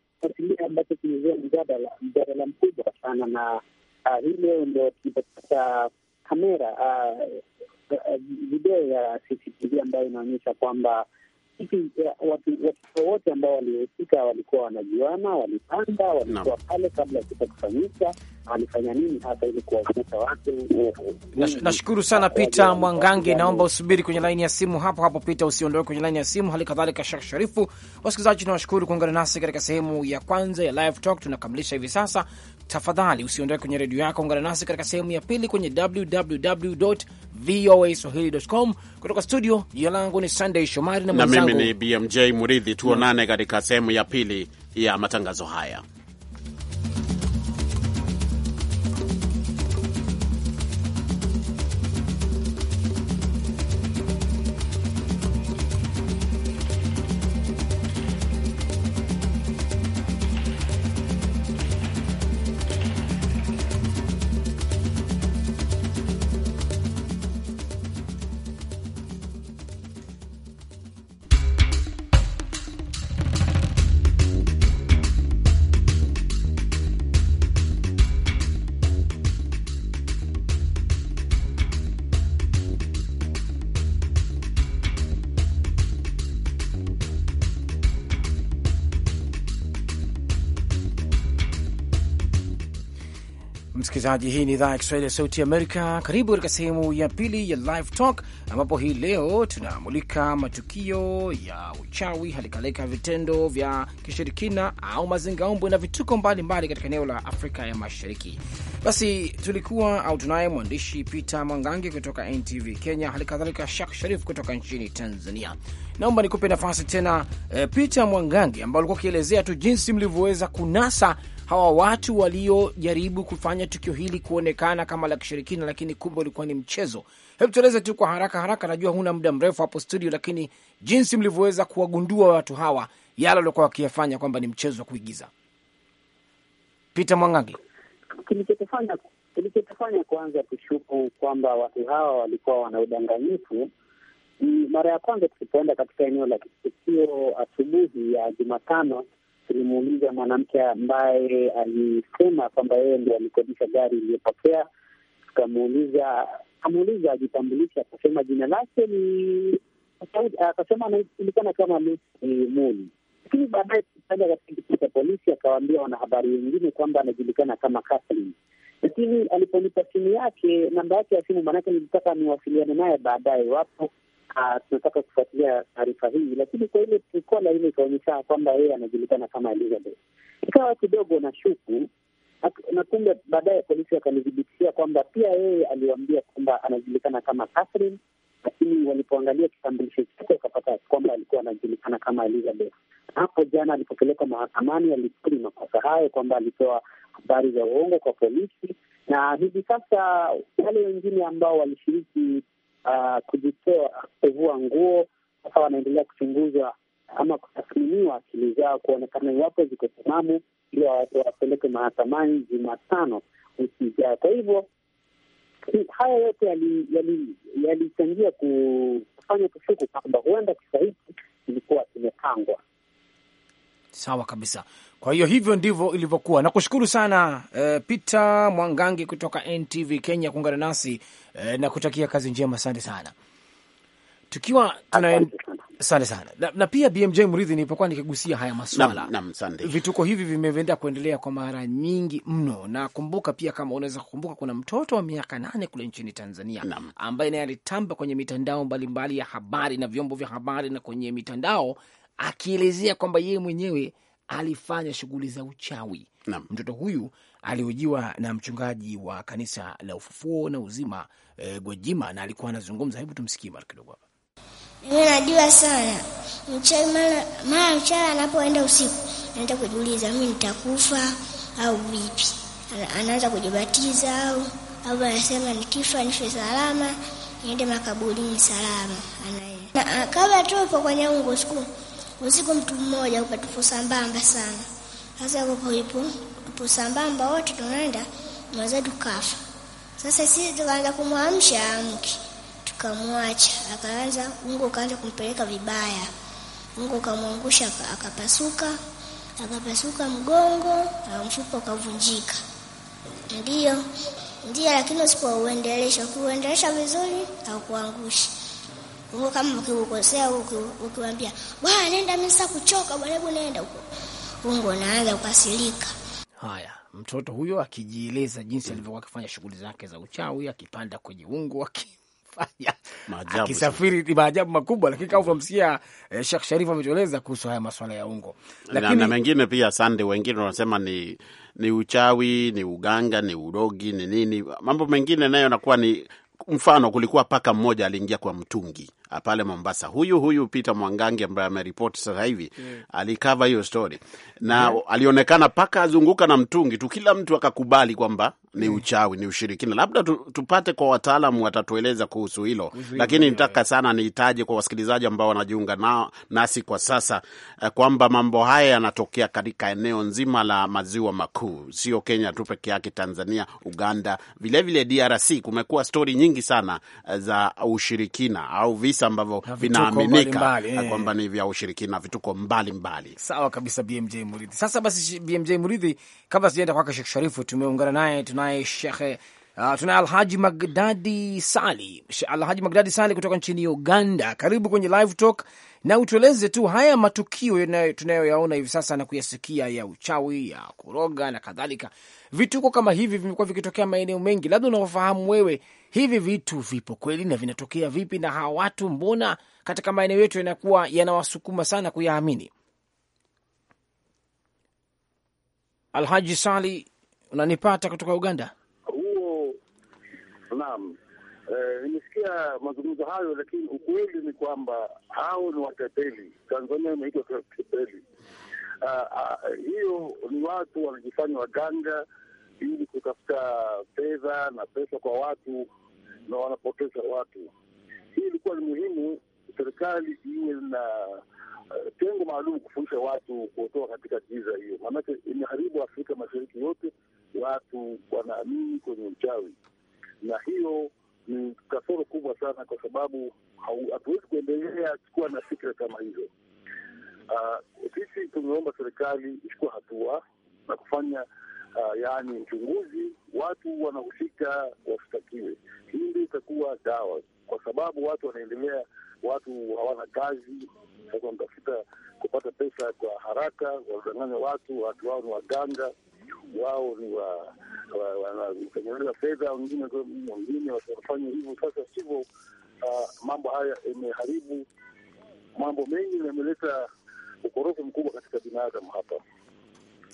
ambacho kimezua mjadala mjadala mkubwa sana, na ah, hii leo ndo tulipopata kamera ah, eh, video ya CCTV ambayo inaonyesha kwamba nafikiri watu wote ambao walihusika walikuwa wanajuana, walipanda, walikuwa pale kabla ya kitu kufanyika, walifanya nini hasa ili kuwaonyesha watu. Nashukuru sana Peter Mwangange, naomba usubiri kwenye laini ya simu hapo hapo. Peter, usiondoke kwenye laini ya simu, hali kadhalika Shekh Sharifu. Wasikilizaji, tunawashukuru kuungana nasi katika sehemu ya kwanza ya Live Talk tunakamilisha hivi sasa. Tafadhali usiondoke kwenye redio yako, ungana nasi katika sehemu ya pili kwenye www voa swahilicom kutoka studio. Jina langu ni Sunday Shomari na mimi ni BMJ Muridhi. Tuonane katika sehemu ya pili ya matangazo haya. Msikilizaji, hii ni idhaa ya Kiswahili ya Sauti Amerika. Karibu katika sehemu ya pili ya Live Talk, ambapo hii leo tunamulika matukio ya uchawi, halikadhalika vitendo vya kishirikina au mazingaombwe na vituko mbalimbali katika eneo la Afrika ya Mashariki. Basi tulikuwa au tunaye mwandishi Peter Mwangangi kutoka NTV Kenya, halikadhalika Shak Sharif kutoka nchini Tanzania. Naomba nikupe nafasi tena, eh, Peter Mwangangi, ambao alikuwa akielezea tu jinsi mlivyoweza kunasa hawa watu waliojaribu kufanya tukio hili kuonekana kama la kishirikina, lakini kumbe ulikuwa ni mchezo. Hebu tueleze tu kwa haraka haraka, najua huna muda mrefu hapo studio, lakini jinsi mlivyoweza kuwagundua watu hawa, yale waliokuwa wakiyafanya kwamba ni mchezo wa kuigiza. Peter Mwangangi, kilichotufanya kilichotufanya kuanza kushuku kwamba watu hawa walikuwa wana udanganyifu mara ya kwanza tulipoenda katika eneo la kitukio asubuhi ya Jumatano tulimuuliza mwanamke ambaye alisema kwamba yeye ndio alikodisha gari iliyopokea Tukamuuliza, kamuuliza ajitambulishe, akasema jina lake ni, akasema anajulikana kama Lusi Muli, lakini baadaye tukaenda katika kituo cha polisi, akawaambia wanahabari wengine kwamba anajulikana kama Kathlin lakini aliponipa simu yake, namba yake ya simu, maanake nilitaka niwasiliane naye baadaye iwapo Ah, tunataka kufuatilia taarifa hii, lakini kwa ile kola ile ikaonyesha kwamba yeye anajulikana kama Elizabeth, ikawa kidogo na shuku na kumbe baadaye polisi wakanithibitishia kwamba pia yeye aliwambia kwamba anajulikana kama Catherine, lakini walipoangalia kitambulisho chake wakapata kwamba alikuwa anajulikana kama Elizabeth. Hapo jana alipopelekwa mahakamani, alikiri makosa hayo kwamba alitoa habari za uongo kwa polisi, na hivi sasa wale wengine ambao walishiriki uh, kujitoa kuvua nguo. Sasa wanaendelea kuchunguzwa ama kutathminiwa akili zao kuonekana iwapo ziko timamu, ili wapeleke mahakamani Jumatano wiki ijayo. Kwa hivyo haya yote yalichangia yali, yali kufanya kushuku kwamba huenda kisa hiki kilikuwa kimepangwa. Sawa kabisa. Kwa hiyo hivyo ndivyo ilivyokuwa. Nakushukuru sana uh, Peter Mwangangi kutoka NTV Kenya kuungana nasi uh, na kutakia kazi njema, asante sana tukiwa tuna Asante sana na, na pia BMJ Mridhi, nilipokuwa nikigusia haya maswala nam, nam, vituko hivi vimeendelea kuendelea kwa mara nyingi mno, na kumbuka pia, kama unaweza kukumbuka, kuna mtoto wa miaka nane kule nchini Tanzania nam, ambaye naye alitamba kwenye mitandao mbalimbali ya habari na vyombo vya habari na kwenye mitandao akielezea kwamba yeye mwenyewe alifanya shughuli za uchawi. Naam. Mtoto huyu alihojiwa na mchungaji wa kanisa la Ufufuo na Uzima e, Gwajima, na alikuwa anazungumza. Hebu tumsikie mara kidogo hapa. Mimi najua sana mchawi, mara mchawi anapoenda usiku anaenda kujiuliza, mi nitakufa au vipi? Anaanza kujibatiza au au anasema nikifa nife salama, niende makaburini salama. Kabla tupo kwenye ungu siku Usiku mtu mmoja upa sambamba sana. Sasa hapo ipo tupo sambamba wote tunaenda mwanzo tukafa. Sasa sisi tukaanza kumwamsha amki. Tukamwacha akaanza ungo ukaanza kumpeleka vibaya. Ungo kamwangusha akapasuka, akapasuka mgongo, mfupa ukavunjika. Ndiyo, ndio lakini usipouendelesha kuuendelesha vizuri, kuangusha kama ukikosea ukiwaambia bwana nenda, mimi sasa kuchoka bwana, hebu nenda huko, ungo naanza kukasirika. Haya, mtoto huyo akijieleza jinsi alivyokuwa akifanya shughuli zake za uchawi, akipanda kwenye ungo, akifanya akisafiri, ni maajabu makubwa. Lakini kama unavyomsikia eh, Sheikh Sharifu ametueleza kuhusu haya masuala ya ungo, lakini na na mengine pia sande, wengine wanasema ni ni uchawi, ni uganga, ni urogi, ni nini, mambo mengine nayo nakuwa ni mfano kulikuwa paka mmoja aliingia kwa mtungi pale Mombasa. Huyu huyu Peter Mwangangi ambaye ameripoti sasa hivi yeah. alikava hiyo story na yeah. alionekana paka azunguka na mtungi tu, kila mtu akakubali kwamba ni uchawi, ni ushirikina. Labda tu, tupate kwa wataalamu watatueleza kuhusu hilo, lakini nitaka sana nihitaji kwa wasikilizaji ambao wanajiunga na, nasi kwa sasa eh, kwamba mambo haya yanatokea katika eneo nzima la maziwa makuu, sio Kenya tu peke yake, Tanzania, Uganda vilevile vile DRC. Kumekuwa stori nyingi sana eh, za ushirikina au visa visa ambavyo vinaaminika kwamba eh. ni vya ushirikina vituko mbalimbali. Sawa kabisa, BMJ Muridhi. Sasa basi, BMJ Muridhi, kabla sijaenda kwake Shekh Sharifu, tumeungana naye, tunaye shekhe Uh, tuna Alhaji Magdadi Sali, Alhaji Magdadi Sali kutoka nchini Uganda. Karibu kwenye Live Talk na utueleze tu haya matukio tunayoyaona hivi sasa na kuyasikia ya uchawi, ya kuroga na kadhalika vituko kama hivi vimekuwa vikitokea maeneo mengi, labda unaofahamu wewe, hivi vitu vipo kweli na vinatokea vipi, na hawa watu mbona katika maeneo yetu yanakuwa yanawasukuma sana kuyaamini? Alhaji Sali, unanipata kutoka Uganda? Huo naam, eh, nimesikia e, mazungumzo hayo, lakini ukweli ni kwamba hao ni watepeli. Tanzania imeitwa tepeli Ah, ah, hiyo uh, uh, ni watu wanajifanya waganga ili kutafuta fedha na pesa kwa watu na wanapoteza watu. Hii ilikuwa ni muhimu serikali iwe na uh, tengo maalum kufundisha watu kuotoa katika giza hiyo, maanake imeharibu Afrika Mashariki yote. Watu wanaamini kwenye uchawi, na hiyo ni kasoro kubwa sana, kwa sababu hatuwezi kuendelea kuwa na fikra kama hizo. Uh, sisi uh, tumeomba serikali ichukua hatua na kufanya uh, yani uchunguzi, watu wanahusika washtakiwe. Hii ndio itakuwa dawa, kwa sababu watu wanaendelea, watu hawana kazi, sasa wanatafuta kupata pesa kwa haraka, wanadanganya watu, watu wao ni waganga wao ni wanatengeneza fedha, wengine wengine wanafanya hivyo. Sasa sivyo, uh, mambo haya imeharibu mambo mengi na imeleta ukorofi mkubwa katika binadamu hapa.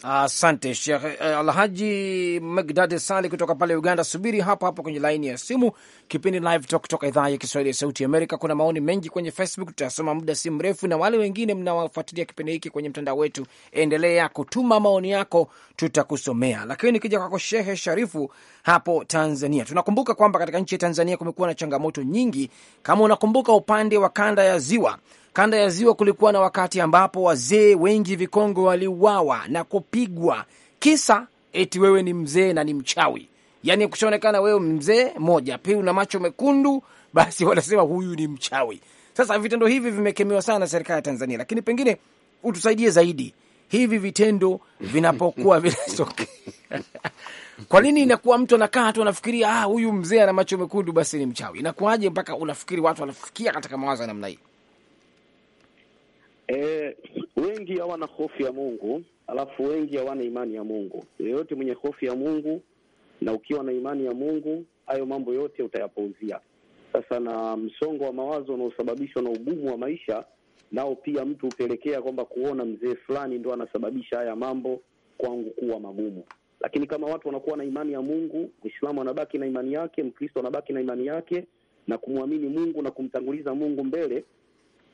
Asante eh, Alhaji Magdade Sali kutoka pale Uganda. Subiri hapo hapo kwenye laini ya simu, kipindi Live Talk kutoka idhaa ya Kiswahili ya Sauti Amerika. Kuna maoni mengi kwenye Facebook, tutasoma muda si mrefu, na wale wengine mnawafuatilia kipindi hiki kwenye mtandao wetu, endelea kutuma maoni yako, tutakusomea. Lakini nikija kwako Shehe Sharifu hapo Tanzania, tunakumbuka kwamba katika nchi ya Tanzania kumekuwa na changamoto nyingi. Kama unakumbuka, upande wa kanda ya Ziwa Kanda ya Ziwa kulikuwa na wakati ambapo wazee wengi vikongo waliuawa na kupigwa, kisa eti wewe ni mzee na ni mchawi. Yani kushaonekana wewe mzee moja, pili una macho mekundu, basi wanasema huyu ni mchawi. Sasa vitendo hivi vimekemewa sana na serikali ya Tanzania, lakini pengine utusaidie zaidi, hivi vitendo vinapokuwa vinatokea kwa nini inakuwa mtu anakaa tu anafikiria, ah, huyu mzee ana macho mekundu, basi ni mchawi? Inakuwaje mpaka unafikiri watu wanafikia katika mawazo ya namna hii? E, wengi hawana hofu ya Mungu, alafu wengi hawana imani ya Mungu. Yeyote mwenye hofu ya Mungu na ukiwa na imani ya Mungu, hayo mambo yote utayapouzia Sasa na msongo wa mawazo unaosababishwa na ugumu wa maisha nao pia mtu hupelekea kwamba kuona mzee fulani ndo anasababisha haya mambo kwangu kuwa magumu. Lakini kama watu wanakuwa na imani ya Mungu, Mwislamu anabaki na imani yake, Mkristo anabaki na imani yake na kumwamini Mungu na kumtanguliza Mungu mbele,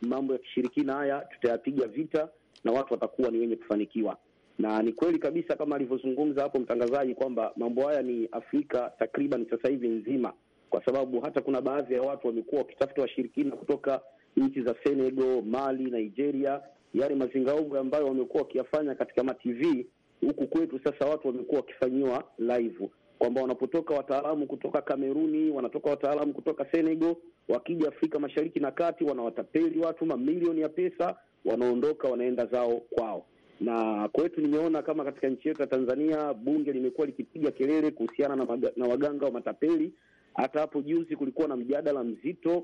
mambo ya kishirikina haya tutayapiga vita na watu watakuwa ni wenye kufanikiwa. Na ni kweli kabisa kama alivyozungumza hapo mtangazaji kwamba mambo haya ni Afrika takriban sasa hivi nzima, kwa sababu hata kuna baadhi ya watu wamekuwa wakitafuta washirikina kutoka nchi za Senegal, Mali, Nigeria, yale mazingaombwe ambayo wamekuwa wakiyafanya katika matv huku kwetu. Sasa watu wamekuwa wakifanyiwa live kwamba wanapotoka wataalamu kutoka Kameruni, wanatoka wataalamu kutoka Senegal, wakija Afrika Mashariki na Kati wanawatapeli watu mamilioni ya pesa, wanaondoka wanaenda zao kwao. Na kwetu nimeona kama katika nchi yetu ya Tanzania bunge limekuwa likipiga kelele kuhusiana na, maga, na waganga wa matapeli. Hata hapo juzi kulikuwa na mjadala mzito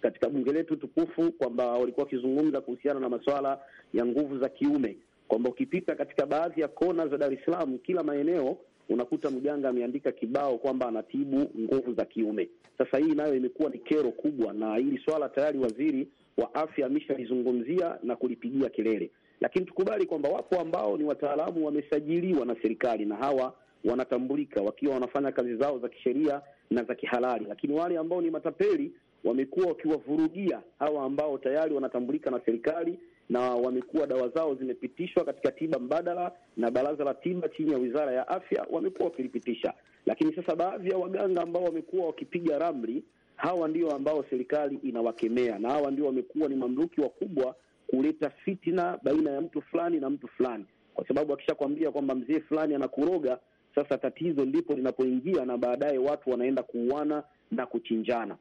katika bunge letu tukufu kwamba walikuwa wakizungumza kuhusiana na masuala ya nguvu za kiume, kwamba ukipita katika baadhi ya kona za Dar es Salaam, kila maeneo unakuta mganga ameandika kibao kwamba anatibu nguvu za kiume. Sasa hii nayo imekuwa ni kero kubwa, na hili swala tayari waziri wa afya ameshalizungumzia na kulipigia kelele, lakini tukubali kwamba wapo ambao ni wataalamu wamesajiliwa na serikali na hawa wanatambulika wakiwa wanafanya kazi zao za kisheria na za kihalali, lakini wale ambao ni matapeli wamekuwa wakiwavurugia hawa ambao tayari wanatambulika na serikali na wamekuwa dawa zao zimepitishwa katika tiba mbadala na baraza la tiba chini ya wizara ya afya, wamekuwa wakilipitisha. Lakini sasa baadhi ya waganga ambao wamekuwa wakipiga ramli, hawa ndio ambao serikali inawakemea na hawa ndio wamekuwa ni mamluki wakubwa kuleta fitina baina ya mtu fulani na mtu fulani, kwa sababu akishakwambia kwamba mzee fulani anakuroga, sasa tatizo ndipo linapoingia, na baadaye watu wanaenda kuuana na kuchinjana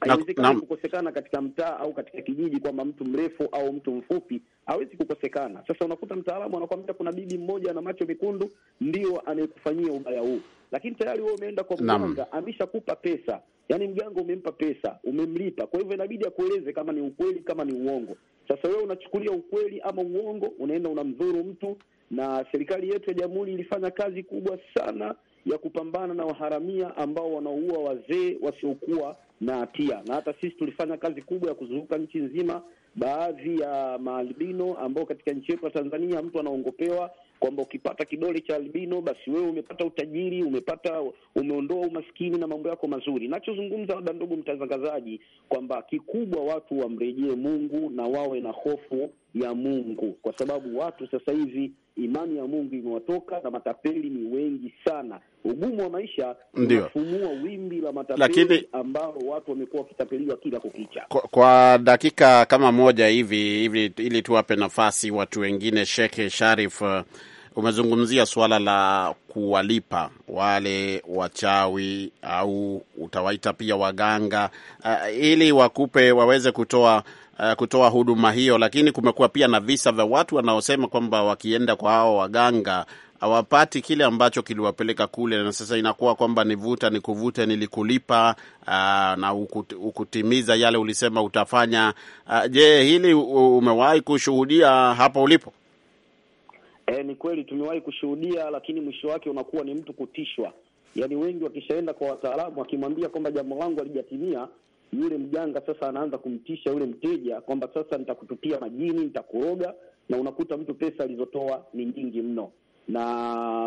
haiwezekani kukosekana katika mtaa au katika kijiji kwamba mtu mrefu au mtu mfupi hawezi kukosekana. Sasa unakuta mtaalamu anakwambia kuna bibi mmoja na macho mekundu ndio anayekufanyia ubaya huu, lakini tayari wewe umeenda kwa mganga, ameshakupa pesa, yaani mganga umempa pesa, umemlipa. Kwa hivyo inabidi akueleze kama ni ukweli, kama ni uongo. Sasa wewe unachukulia ukweli ama uongo, unaenda unamdhuru mtu. Na serikali yetu ya Jamhuri ilifanya kazi kubwa sana ya kupambana na waharamia ambao wanaua wazee wasiokuwa na hatia, na hata sisi tulifanya kazi kubwa ya kuzunguka nchi nzima, baadhi ya maalbino ambao katika nchi yetu ya Tanzania mtu anaongopewa kwamba ukipata kidole cha albino basi wewe umepata utajiri, umepata umeondoa umaskini na mambo yako mazuri. Nachozungumza labda, ndugu mtangazaji, kwamba kikubwa watu wamrejee Mungu na wawe na hofu ya Mungu, kwa sababu watu sasa hivi imani ya Mungu imewatoka na matapeli ni wengi sana. Ugumu wa maisha unafumua wimbi la matapeli lakini, ambao watu wamekuwa wakitapeliwa kila kukicha. Kwa, kwa dakika kama moja hivi hivi, ili tuwape nafasi watu wengine. Sheikh Sharif, uh, umezungumzia suala la kuwalipa wale wachawi au utawaita pia waganga, uh, ili wakupe waweze kutoa uh, kutoa huduma hiyo, lakini kumekuwa pia na visa vya watu wanaosema kwamba wakienda kwa hao waganga hawapati kile ambacho kiliwapeleka kule, na sasa inakuwa kwamba nivuta ni kuvute, nilikulipa aa, uh, na ukutimiza yale ulisema utafanya. Uh, je, hili umewahi kushuhudia hapo ulipo? E, ni kweli tumewahi kushuhudia, lakini mwisho wake unakuwa ni mtu kutishwa. Yaani wengi wakishaenda kwa wataalamu, wakimwambia kwamba jambo langu halijatimia, yule mganga sasa anaanza kumtisha yule mteja kwamba sasa nitakutupia majini, nitakuroga, na unakuta mtu pesa alizotoa ni nyingi mno na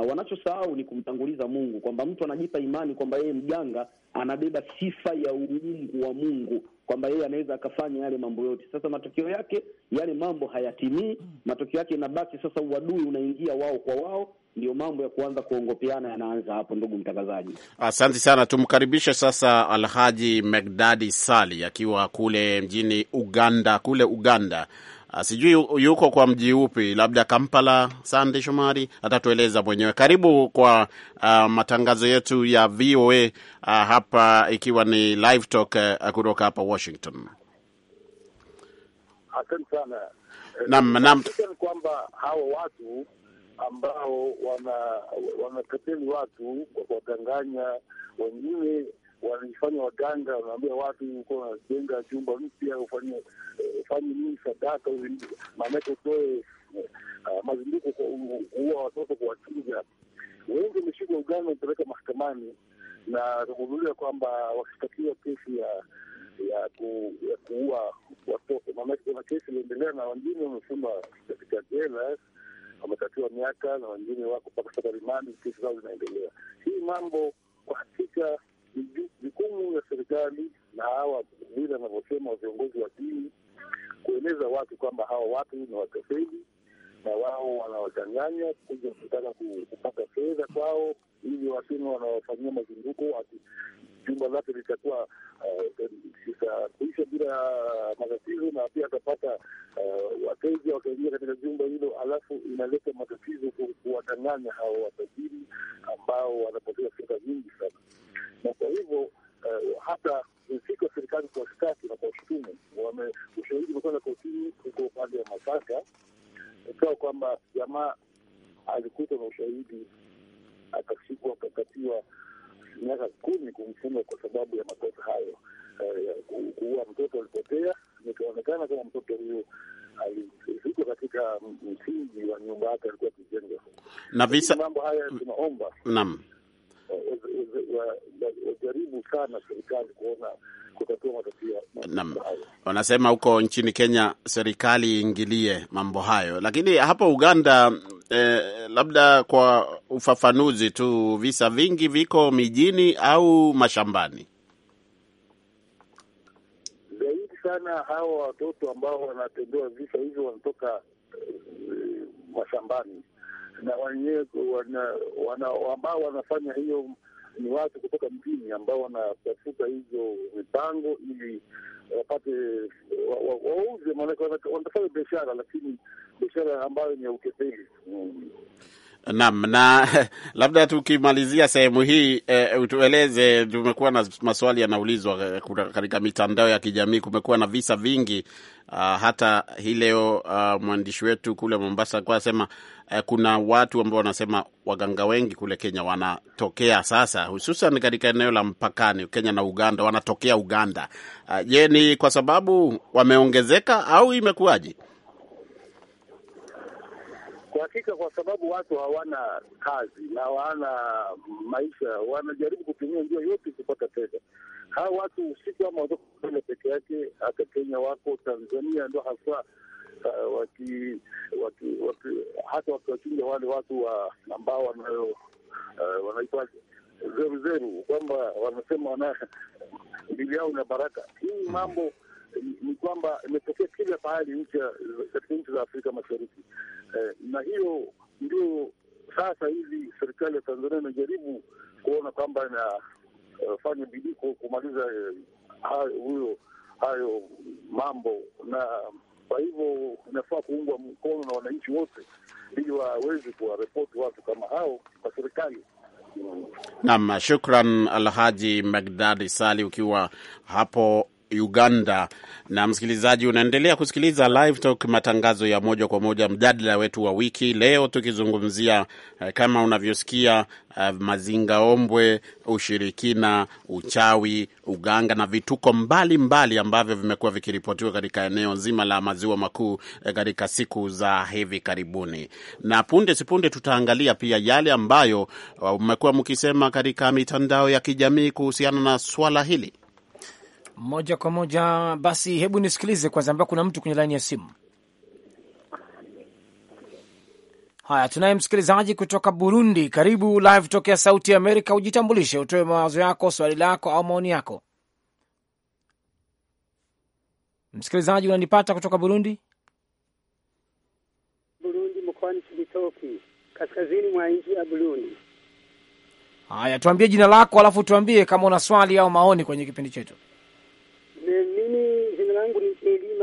wanachosahau ni kumtanguliza Mungu, kwamba mtu anajipa imani kwamba yeye mganga anabeba sifa ya uungu wa Mungu, kwamba yeye anaweza akafanya yale mambo yote. Sasa matokeo yake yale mambo hayatimii, matokeo yake inabaki sasa uadui unaingia wao kwa wao, ndio mambo ya kuanza kuongopeana yanaanza hapo, ndugu mtangazaji. Asante sana. Tumkaribishe sasa Alhaji Megdadi Sali akiwa kule mjini Uganda, kule Uganda Ah, sijui yuko kwa mji upi, labda Kampala. Sande Shomari atatueleza mwenyewe. Karibu kwa uh, matangazo yetu ya VOA uh, ah, hapa ikiwa ni live talk uh, kutoka hapa Washington. Asante sana. Naam, eh, kwamba hawa watu ambao wanakatili wana watu kuwadanganya wengine wanajifanya waganga, wanaambia watu uko wanajenga jumba mpya, ufanye eh, nini sadaka, maanake utoe eh, mazinduko kuua watoto, kuwachinja. Wengi wameshikwa uganga, wamepeleka mahakamani na kugundulia kwamba wakishtakiwa kesi ya ya kuua watoto, maanake kuna kesi iliendelea na wengine wamefunga katika jela wamekatiwa miaka na wengine wako mpaka sasa kesi zao zinaendelea. Hii mambo hawa vile wanavyosema viongozi wa dini kueleza watu kwamba hawa watu ni watofeli na wao wanawachanganya kuja kutaka kupata fedha kwao, ili wasema wanawafanyia mazingira na visa mambo haya tunaomba naam, wajaribu eh, eh, eh, sana serikali kuona kutatua matatizo. Naam, wanasema huko nchini Kenya serikali iingilie mambo hayo, lakini hapo Uganda eh, labda kwa ufafanuzi tu, visa vingi viko mijini au mashambani zaidi sana? Hawa watoto ambao wanatendewa visa hivyo wanatoka eh, mashambani na wenyewe wana, wana, ambao wanafanya hiyo ni watu kutoka mjini ambao wanatafuta hizo mipango ili wapate wauze, maanake wanafanya biashara, lakini biashara ambayo ni ya ukefeli. Naam, na labda tukimalizia sehemu hii e, utueleze, tumekuwa na maswali yanaulizwa eh, katika mitandao ya kijamii. Kumekuwa na visa vingi a, ah, hata hii leo ah, mwandishi wetu kule Mombasa alikuwa anasema e, eh, kuna watu ambao wanasema waganga wengi kule Kenya wanatokea sasa, hususan katika eneo la mpakani Kenya na Uganda, wanatokea Uganda. Ah, je, ni kwa sababu wameongezeka au imekuwaje? Kwa hakika, kwa sababu watu hawana kazi na hawana maisha, wanajaribu kutumia njia yote kupata pesa. Hawa watu usiku ama watokale peke yake, hata Kenya wako, Tanzania ndo haswa uh, waki, waki, waki, hata wakiwachinja wale watu wa ambao wanayo uh, wanaitwa zeruzeru, kwamba wanasema wana mbili yao na baraka hii mambo ni kwamba imetokea kila pahali katika nchi za Afrika Mashariki eh, na hiyo ndio sasa hivi serikali ya Tanzania imejaribu kuona kwamba inafanya eh, uh, bidii kumaliza eh, huyo uh, hayo mambo, na kwa hivyo inafaa kuungwa mkono na wananchi wote ili waweze kuwarepoti watu kama hao kwa serikali. Naam, shukran Alhaji Magdadi Sali ukiwa hapo Uganda. Na msikilizaji, unaendelea kusikiliza Live Talk, matangazo ya moja kwa moja, mjadala wetu wa wiki leo, tukizungumzia eh, kama unavyosikia eh, mazinga ombwe, ushirikina, uchawi, uganga na vituko mbalimbali mbali ambavyo vimekuwa vikiripotiwa katika eneo nzima la maziwa makuu eh, katika siku za hivi karibuni, na punde sipunde tutaangalia pia yale ambayo mmekuwa mkisema katika mitandao ya kijamii kuhusiana na swala hili moja kwa moja. Basi hebu nisikilize kwanza, ambao kuna mtu kwenye laini ya simu. Haya, tunaye msikilizaji kutoka Burundi. Karibu live tokea Sauti ya Amerika, ujitambulishe, utoe mawazo yako, swali lako au maoni yako. Msikilizaji, unanipata kutoka Burundi? Burundi, mkoani Cibitoke, kaskazini mwa nchi ya Burundi. Haya, tuambie jina lako alafu tuambie kama una swali au maoni kwenye kipindi chetu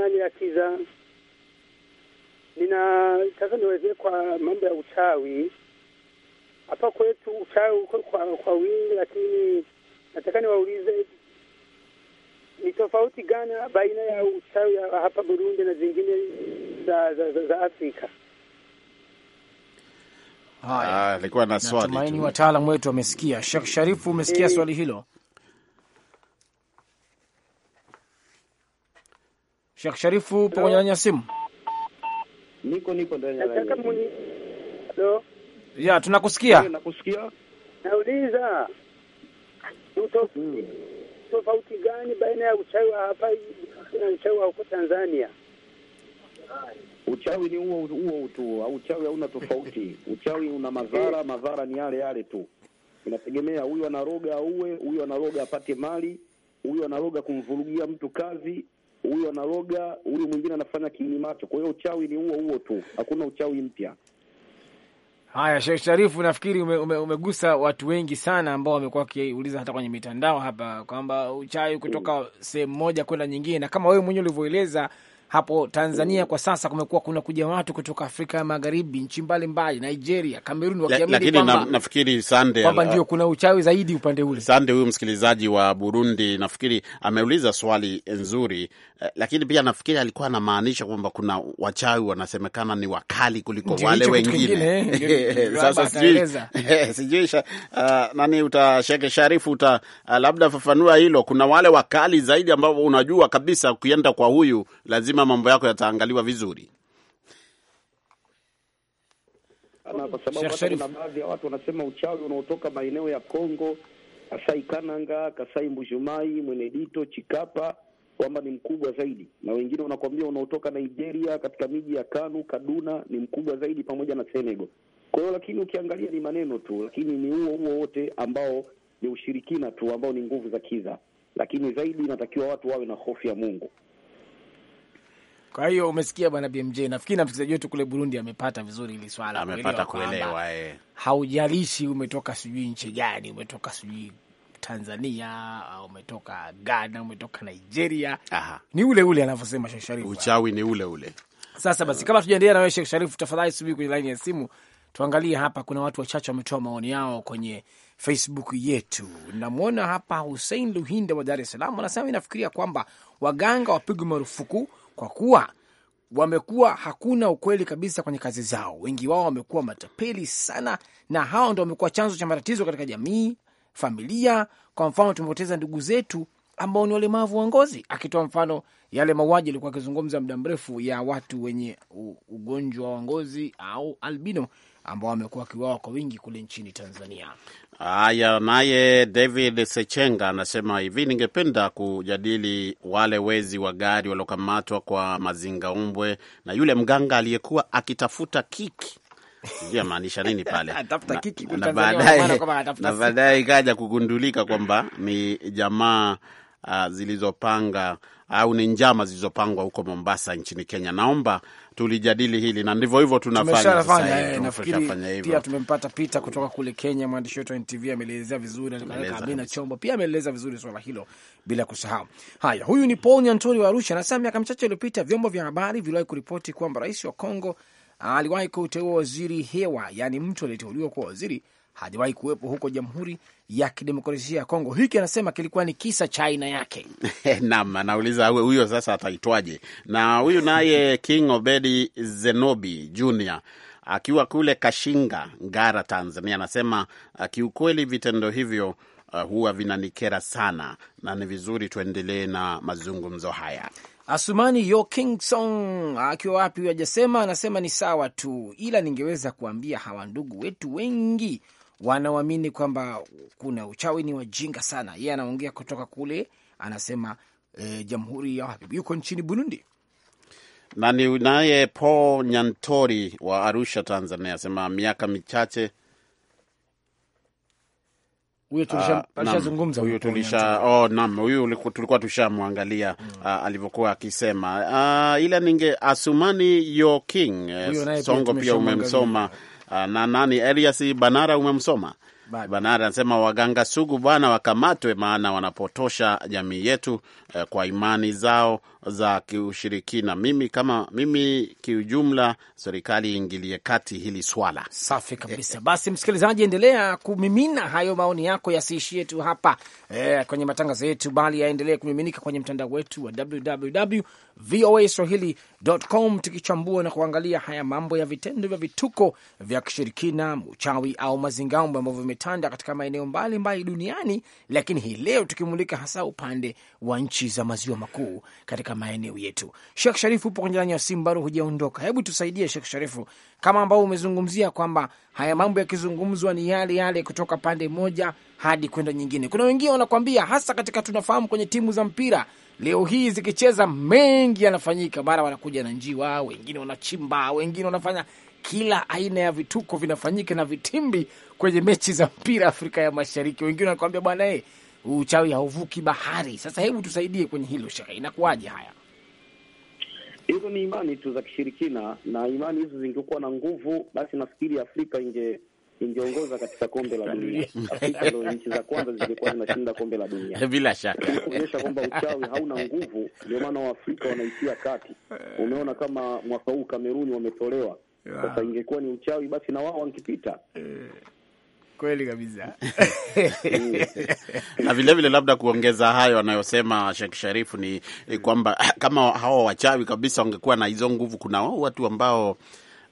imani ya kiza. Ninataka niwezee kwa mambo ya uchawi. Hapa kwetu uchawi uko kwa, kwa wingi, lakini nataka niwaulize ni tofauti gani baina ya uchawi hapa Burundi na zingine za, za, za, za Afrika? alikuwa ah, na swali. Natumaini wataalamu wetu wamesikia. Sheikh Sharifu, umesikia eh. swali hilo? Sheikh Sharifu, upo kwenye laini ya simu? Niko niko ndani ya laini. Hello. Ya, tunakusikia. Nauliza. Hmm. Tofauti gani baina ya uchawi hapa na uchawi huko Tanzania? Uchawi ni huo huo tu, uchawi hauna tofauti. Uchawi una madhara, madhara ni yale yale tu. Inategemea huyu anaroga auwe, huyu anaroga apate mali, huyu anaroga kumvurugia mtu kazi, huyu analoga, huyu mwingine anafanya kinimacho. Kwa hiyo uchawi ni huo huo tu, hakuna uchawi mpya. Haya, Sheikh Sharifu, nafikiri ume, ume, umegusa watu wengi sana ambao wamekuwa wakiuliza hata kwenye mitandao hapa kwamba uchawi kutoka mm. sehemu moja kwenda nyingine, na kama wewe mwenyewe ulivyoeleza hapo Tanzania kwa sasa kumekuwa kuna kuja watu kutoka Afrika ya Magharibi, nchi mbalimbali, Nigeria, Kamerun, wakiamini kwamba nafikiri Sande kwamba ndio kuna uchawi zaidi upande ule. Sande, huyu msikilizaji wa Burundi nafikiri ameuliza swali nzuri eh, lakini pia nafikiri alikuwa anamaanisha kwamba kuna wachawi wanasemekana ni wakali kuliko ndiyo, wale wengine. Eh, sasa sijui eh, sijui ah, nani utasheke Sharifu uta, uh, labda fafanua hilo. Kuna wale wakali zaidi ambao unajua kabisa ukienda kwa huyu lazima lazima mambo yako yataangaliwa vizuri. Ana, kwa sababu kuna baadhi ya watu wanasema uchawi unaotoka maeneo ya Kongo, Kasai Kananga, Kasai Mbujumai, Mwenedito, Chikapa kwamba ni mkubwa zaidi, na wengine wanakuambia unaotoka Nigeria katika miji ya kanu Kaduna ni mkubwa zaidi, pamoja na Senegal. Kwa hiyo lakini ukiangalia ni maneno tu, lakini ni huo huo wote ambao ni ushirikina tu, ambao ni nguvu za kiza, lakini zaidi inatakiwa watu wawe na hofu ya Mungu. Kwa hiyo umesikia bwana BMJ, nafikiri na msikilizaji wetu kule Burundi amepata vizuri hili swala, amepata kuelewa e. Haujalishi umetoka sijui nchi gani, umetoka sijui Tanzania, umetoka Ghana, umetoka Nigeria. Aha. Ni ule ule anavyosema Sheikh Sharifu. Uchawi ni ule ule. Sasa basi kama tujaendelea na wewe Sheikh Sharifu, tafadhali subiri kwenye laini ya simu tuangalie hapa, kuna watu wachache wametoa maoni yao kwenye Facebook yetu. Namwona hapa Hussein Luhinda wa Dar es Salaam anasema, inafikiria kwamba waganga wapigwe marufuku kwa kuwa wamekuwa hakuna ukweli kabisa kwenye kazi zao. Wengi wao wamekuwa matapeli sana, na hao ndo wamekuwa chanzo cha matatizo katika jamii, familia. Kwa mfano, tumepoteza ndugu zetu ambao ni walemavu wa ngozi, akitoa mfano yale mauaji alikuwa akizungumza muda mrefu ya watu wenye ugonjwa wa ngozi au albino ambao wamekuwa wakiuawa kwa wingi kule nchini Tanzania. Haya, naye David Sechenga anasema hivi, ningependa kujadili wale wezi wa gari waliokamatwa kwa mazinga umbwe na yule mganga aliyekuwa akitafuta kiki sijui amaanisha nini pale, na baadaye ikaja kugundulika kwamba ni jamaa uh, zilizopanga au ni njama zilizopangwa huko Mombasa nchini Kenya. Naomba tulijadili hili na ndivyo hivyo tunafanya sasa hivi. Eh, nafikiri pia tumempata Peter kutoka kule Kenya, mwandishi wetu wa NTV ameelezea vizuri, na Amina Chombo pia ameeleza vizuri swala hilo bila kusahau. Haya, huyu ni Paul Nyantori wa Arusha, anasema miaka michache iliyopita vyombo vya habari viliwahi kuripoti kwamba rais wa Kongo aliwahi kuteua waziri hewa, yaani mtu aliyeteuliwa kuwa waziri hajawahi kuwepo huko Jamhuri ya Kidemokrasia ya Kongo. Hiki anasema kilikuwa ni kisa cha aina yake. Naam, anauliza huyo sasa ataitwaje? Na huyu naye King Obedi Zenobi Jr akiwa kule Kashinga, Ngara, Tanzania, anasema ah, kiukweli vitendo hivyo uh, huwa vinanikera sana na ni vizuri tuendelee na mazungumzo haya. Asumani Yo Kingsong akiwa wapi hajasema, anasema ni sawa tu, ila ningeweza kuambia hawa ndugu wetu wengi wanaamini kwamba kuna uchawi ni wajinga sana. Yeye anaongea kutoka kule, anasema e, jamhuri ya wapi, yuko nchini Burundi na ni naye Paul Nyantori wa Arusha, Tanzania asema miaka michache huyo tulisha ah, oh, tulikuwa tushamwangalia mm. Uh, alivyokuwa akisema uh, ila ninge Asumani Yo King eh, Songo pia umemsoma Ah, na nani, Elias Banara, umemsoma Banara anasema waganga sugu bwana wakamatwe, maana wanapotosha jamii yetu eh, kwa imani zao za kiushirikina. Mimi kama mimi, kiujumla, serikali iingilie kati hili swala. Safi kabisa. Basi msikilizaji, endelea kumimina hayo maoni yako, yasiishie tu hapa eh, kwenye matangazo yetu, bali yaendelee kumiminika kwenye mtandao wetu wa www voa swahili.com, tukichambua na kuangalia haya mambo ya vitendo vya vituko vya kishirikina, uchawi au mazingambo ambavyo vimetanda katika maeneo mbalimbali duniani, lakini hii leo tukimulika hasa upande wa nchi za maziwa makuu katika katika maeneo yetu. Shekh Sharifu, upo kwenye laini ya simu, bado hujaondoka. Hebu tusaidie Shekh Sharifu, kama ambao umezungumzia kwamba haya mambo yakizungumzwa ni yale yale kutoka pande moja hadi kwenda nyingine. Kuna wengine wanakwambia, hasa katika tunafahamu kwenye timu za mpira leo hii zikicheza, mengi yanafanyika, mara wanakuja na njiwa, wengine wanachimba, wengine wanafanya kila aina ya vituko vinafanyika na vitimbi kwenye mechi za mpira Afrika ya Mashariki. Wengine wanakwambia bwana, eh uchawi hauvuki bahari. Sasa hebu tusaidie kwenye hilo shehe, inakuwaje haya? Hizo ni imani tu za kishirikina, na imani hizo zingekuwa na nguvu, basi nafikiri Afrika inge ingeongoza katika kombe la dunia. Afrika ndio nchi za kwanza zilikuwa zinashinda kombe la dunia, bila shaka kuonyesha kwamba uchawi hauna nguvu. Ndio maana Waafrika wanaitia kati. Umeona kama mwaka huu Kameruni wametolewa. Sasa ingekuwa ni uchawi, basi na wao wangepita. Eh. Kweli kabisa. na vilevile labda kuongeza hayo anayosema Sheikh Sharifu ni, kwamba kama hawa wachawi kabisa wangekuwa na hizo nguvu, kuna watu ambao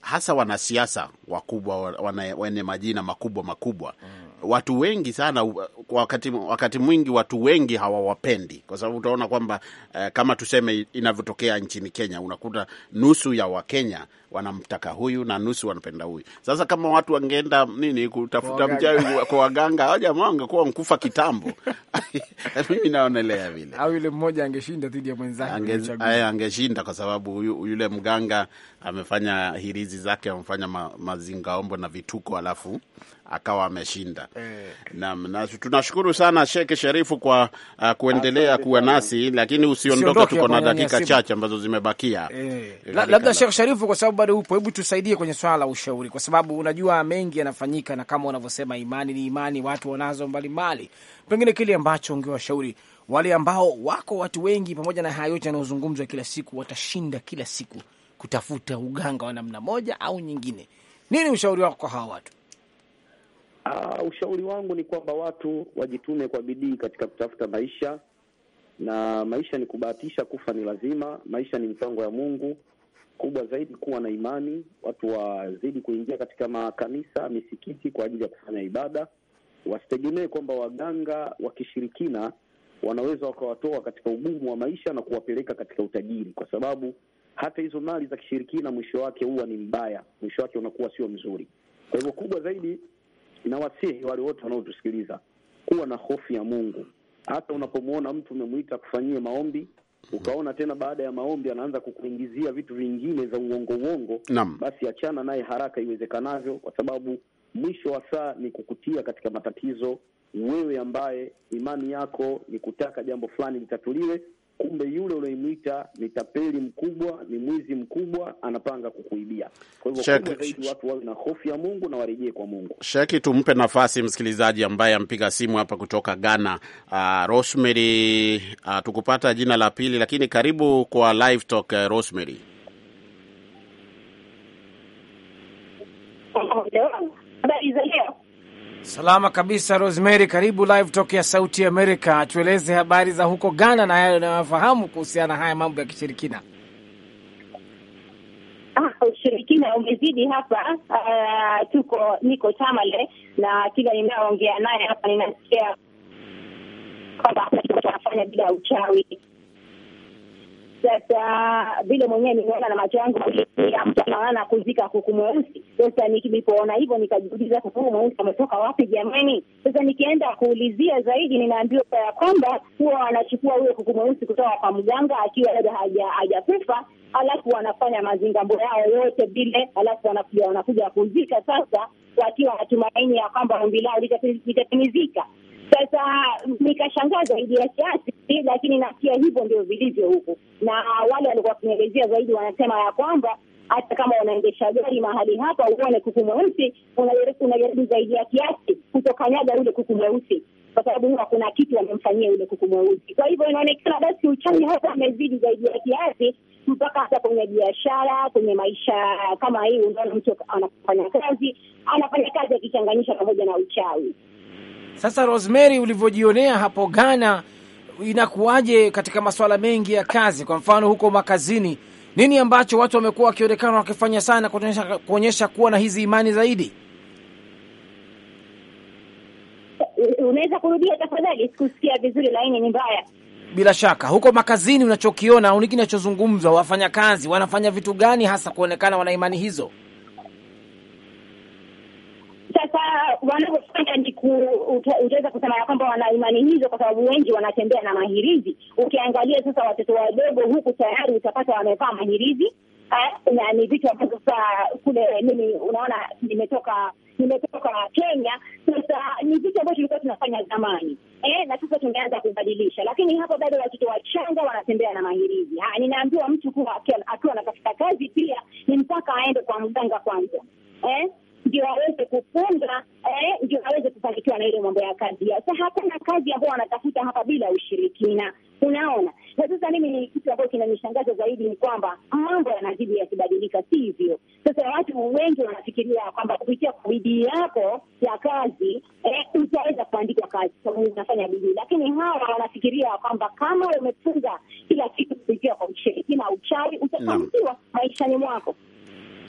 hasa wanasiasa wakubwa wenye majina makubwa makubwa mm watu wengi sana kwa wakati, wakati mwingi watu wengi hawawapendi kwa sababu utaona kwamba eh, kama tuseme inavyotokea nchini Kenya, unakuta nusu ya Wakenya wanamtaka huyu na nusu wanapenda huyu. Sasa kama watu wangeenda nini kutafuta mchawi kwa waganga a jamaa wangekuwa nkufa kitambo. Mimi naonelea vile, au yule mmoja angeshinda dhidi ya mwenzake, ange, eh, angeshinda kwa sababu yule mganga amefanya hirizi zake, amefanya ma, mazingaombo na vituko alafu akawa ameshinda eh. na tunashukuru sana Sheikh Sharifu kwa uh, kuendelea kuwa nasi, lakini usiondoke, tuko na dakika chache ambazo zimebakia eh. La, labda Sheikh Sharifu, kwa sababu bado upo, hebu tusaidie kwenye swala la ushauri, kwa sababu unajua mengi yanafanyika, na kama unavyosema imani ni imani, watu wanazo mbalimbali, pengine kile ambacho ungewashauri wale ambao wako watu wengi, pamoja na haya yote yanayozungumzwa kila siku, watashinda kila siku kutafuta uganga wa namna moja au nyingine, nini ushauri wako kwa hawa watu? Uh, ushauri wangu ni kwamba watu wajitume kwa bidii katika kutafuta maisha, na maisha ni kubahatisha, kufa ni lazima. Maisha ni mpango ya Mungu. Kubwa zaidi kuwa na imani, watu wazidi kuingia katika makanisa, misikiti kwa ajili ya kufanya ibada. Wasitegemee kwamba waganga wa kishirikina wanaweza wakawatoa katika ugumu wa maisha na kuwapeleka katika utajiri, kwa sababu hata hizo mali za kishirikina mwisho wake huwa ni mbaya, mwisho wake unakuwa sio mzuri. Kwa hivyo kubwa zaidi nawasihi wale wote wanaotusikiliza kuwa na hofu ya Mungu. Hata unapomwona mtu umemwita kufanyia maombi ukaona tena baada ya maombi anaanza kukuingizia vitu vingine za uongo uongo, naam, basi achana naye haraka iwezekanavyo, kwa sababu mwisho wa saa ni kukutia katika matatizo wewe ambaye imani yako ni kutaka jambo fulani litatuliwe, kumbe yule unayemwita ni tapeli mkubwa, ni mwizi mkubwa, anapanga kukuibia. Kwa hivyo kubwa zaidi watu wawe na hofu ya Mungu na warejee kwa Mungu. Sheki, tumpe nafasi msikilizaji ambaye ampiga simu hapa kutoka Ghana. Uh, Rosemary, uh, tukupata jina la pili, lakini karibu kwa live talk. Uh, Rosemary habari za leo Salama kabisa, Rosemary. Karibu live talk ya Sauti Amerika, tueleze habari za huko Ghana na yale unayofahamu kuhusiana haya mambo ya kishirikina. Ah, ushirikina umezidi hapa. Uh, tuko niko Tamale na kila ninayoongea naye hapa ninasikia kwamba hakuna bila uchawi sasa vile mwenyewe nimeona na macho yangu, maana kuzika kuku mweusi. Sasa nilipoona hivyo, nikajiuliza kuku mweusi ametoka wapi jamani? Sasa nikienda kuulizia zaidi, ninaambiwa ya kwamba huwa wanachukua huyo kuku mweusi kutoka kwa mganga akiwa labda hajakufa, alafu wanafanya mazingambo yao yote vile, alafu wanakuja wanakuja kuzika sasa wakiwa na tumaini ya kwamba ombi lao litatimizika. Sasa nikashangaa zaidi ya kiasi, lakini nafikia hivyo ndio vilivyo huku, na wale walikuwa wakinielezea zaidi wanasema ya kwamba hata kama unaendesha gari mahali hapa uone kuku mweusi, unajaribu zaidi ya kiasi kutokanyaga yule kuku mweusi, kwa sababu huwa kuna kitu wamemfanyia yule kuku mweusi. Kwa hivyo inaonekana basi uchawi hapa amezidi zaidi ya kiasi, mpaka hata kwenye biashara, kwenye maisha kama hii. Unaona mtu anafanya kazi, anafanya kazi akichanganyisha pamoja na uchawi. Sasa Rosemary, ulivyojionea hapo Ghana, inakuwaje katika masuala mengi ya kazi? Kwa mfano huko makazini, nini ambacho watu wamekuwa wakionekana wakifanya sana kuonyesha, kuonyesha kuwa na hizi imani zaidi? Unaweza kurudia tafadhali? Sikusikia vizuri, laini ni mbaya. Bila shaka huko makazini unachokiona au nini kinachozungumzwa, wafanyakazi wanafanya vitu gani hasa kuonekana wana imani hizo? Sasa wanavyofanya ni utaweza kusema ya kwamba wana imani hizo, kwa sababu wengi wanatembea na mahirizi. Ukiangalia sasa watoto wadogo huku tayari utapata wamevaa mahirizi eh, na ni vitu ambavyo sasa kule mimi, unaona, nimetoka nimetoka Kenya. Sasa ni vitu ambavyo tulikuwa tunafanya zamani eh, na sasa tumeanza kubadilisha, lakini hapo bado watoto wachanga wanatembea na mahirizi. Ah, ninaambiwa mtu kuwa akiwa anatafuta kazi pia ni mpaka aende kwa mganga kwanza eh? ndio aweze kufunga eh, ndio aweze kufanikiwa na ile mambo ya kazi yao. Sa hakuna kazi ambao wanatafuta hapa bila ushirikina, unaona. Na sasa mimi ni kitu ambacho kinanishangaza zaidi ni kwamba mambo yanazidi yakibadilika, si hivyo? Sasa watu wengi wanafikiria kwamba kupitia kwa bidii yako ya kazi eh, utaweza kuandikwa kazi kwa sababu unafanya bidii, lakini hawa wanafikiria kwamba kama umefunga kila kitu kupitia kwa ushirikina, uchawi, utafanikiwa no. maishani mwako.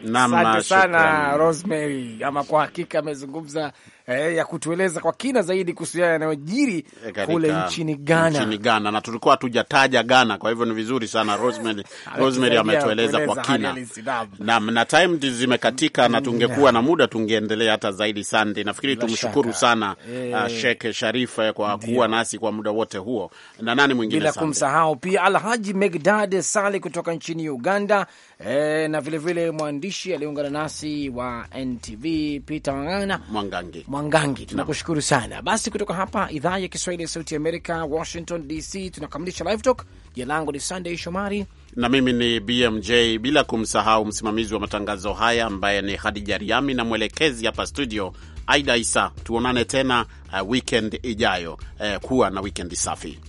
Asante sana Rosemary, ama kwa hakika amezungumza eh, ya kutueleza kwa kina zaidi kuhusiana yanayojiri eh, kule nchini Ghana, nchini Ghana, na tulikuwa hatujataja Ghana, kwa hivyo ni vizuri sana Rosemary, Rosemary ametueleza kwa kina nam, na time zimekatika na tungekuwa na muda tungeendelea hata zaidi. Sande, nafikiri tumshukuru sana e, uh, eh. Sheikh Sharif eh, kwa kuwa nasi kwa muda wote huo, na nani mwingine bila kumsahau pia Alhaji Megdad Sale kutoka nchini Uganda e, na vilevile mwandishi aliyeungana nasi wa NTV Peter Wangana Mwangangi, Mwangangi. Tunakushukuru sana. Basi kutoka hapa idhaa ya Kiswahili ya Sauti Amerika, Washington DC, tunakamilisha Live Talk. Jina langu ni Sunday Shomari na mimi ni BMJ, bila kumsahau msimamizi wa matangazo haya ambaye ni Hadija Riami na mwelekezi hapa studio Aida Isa. Tuonane tena uh, weekend ijayo. Uh, kuwa na weekend safi.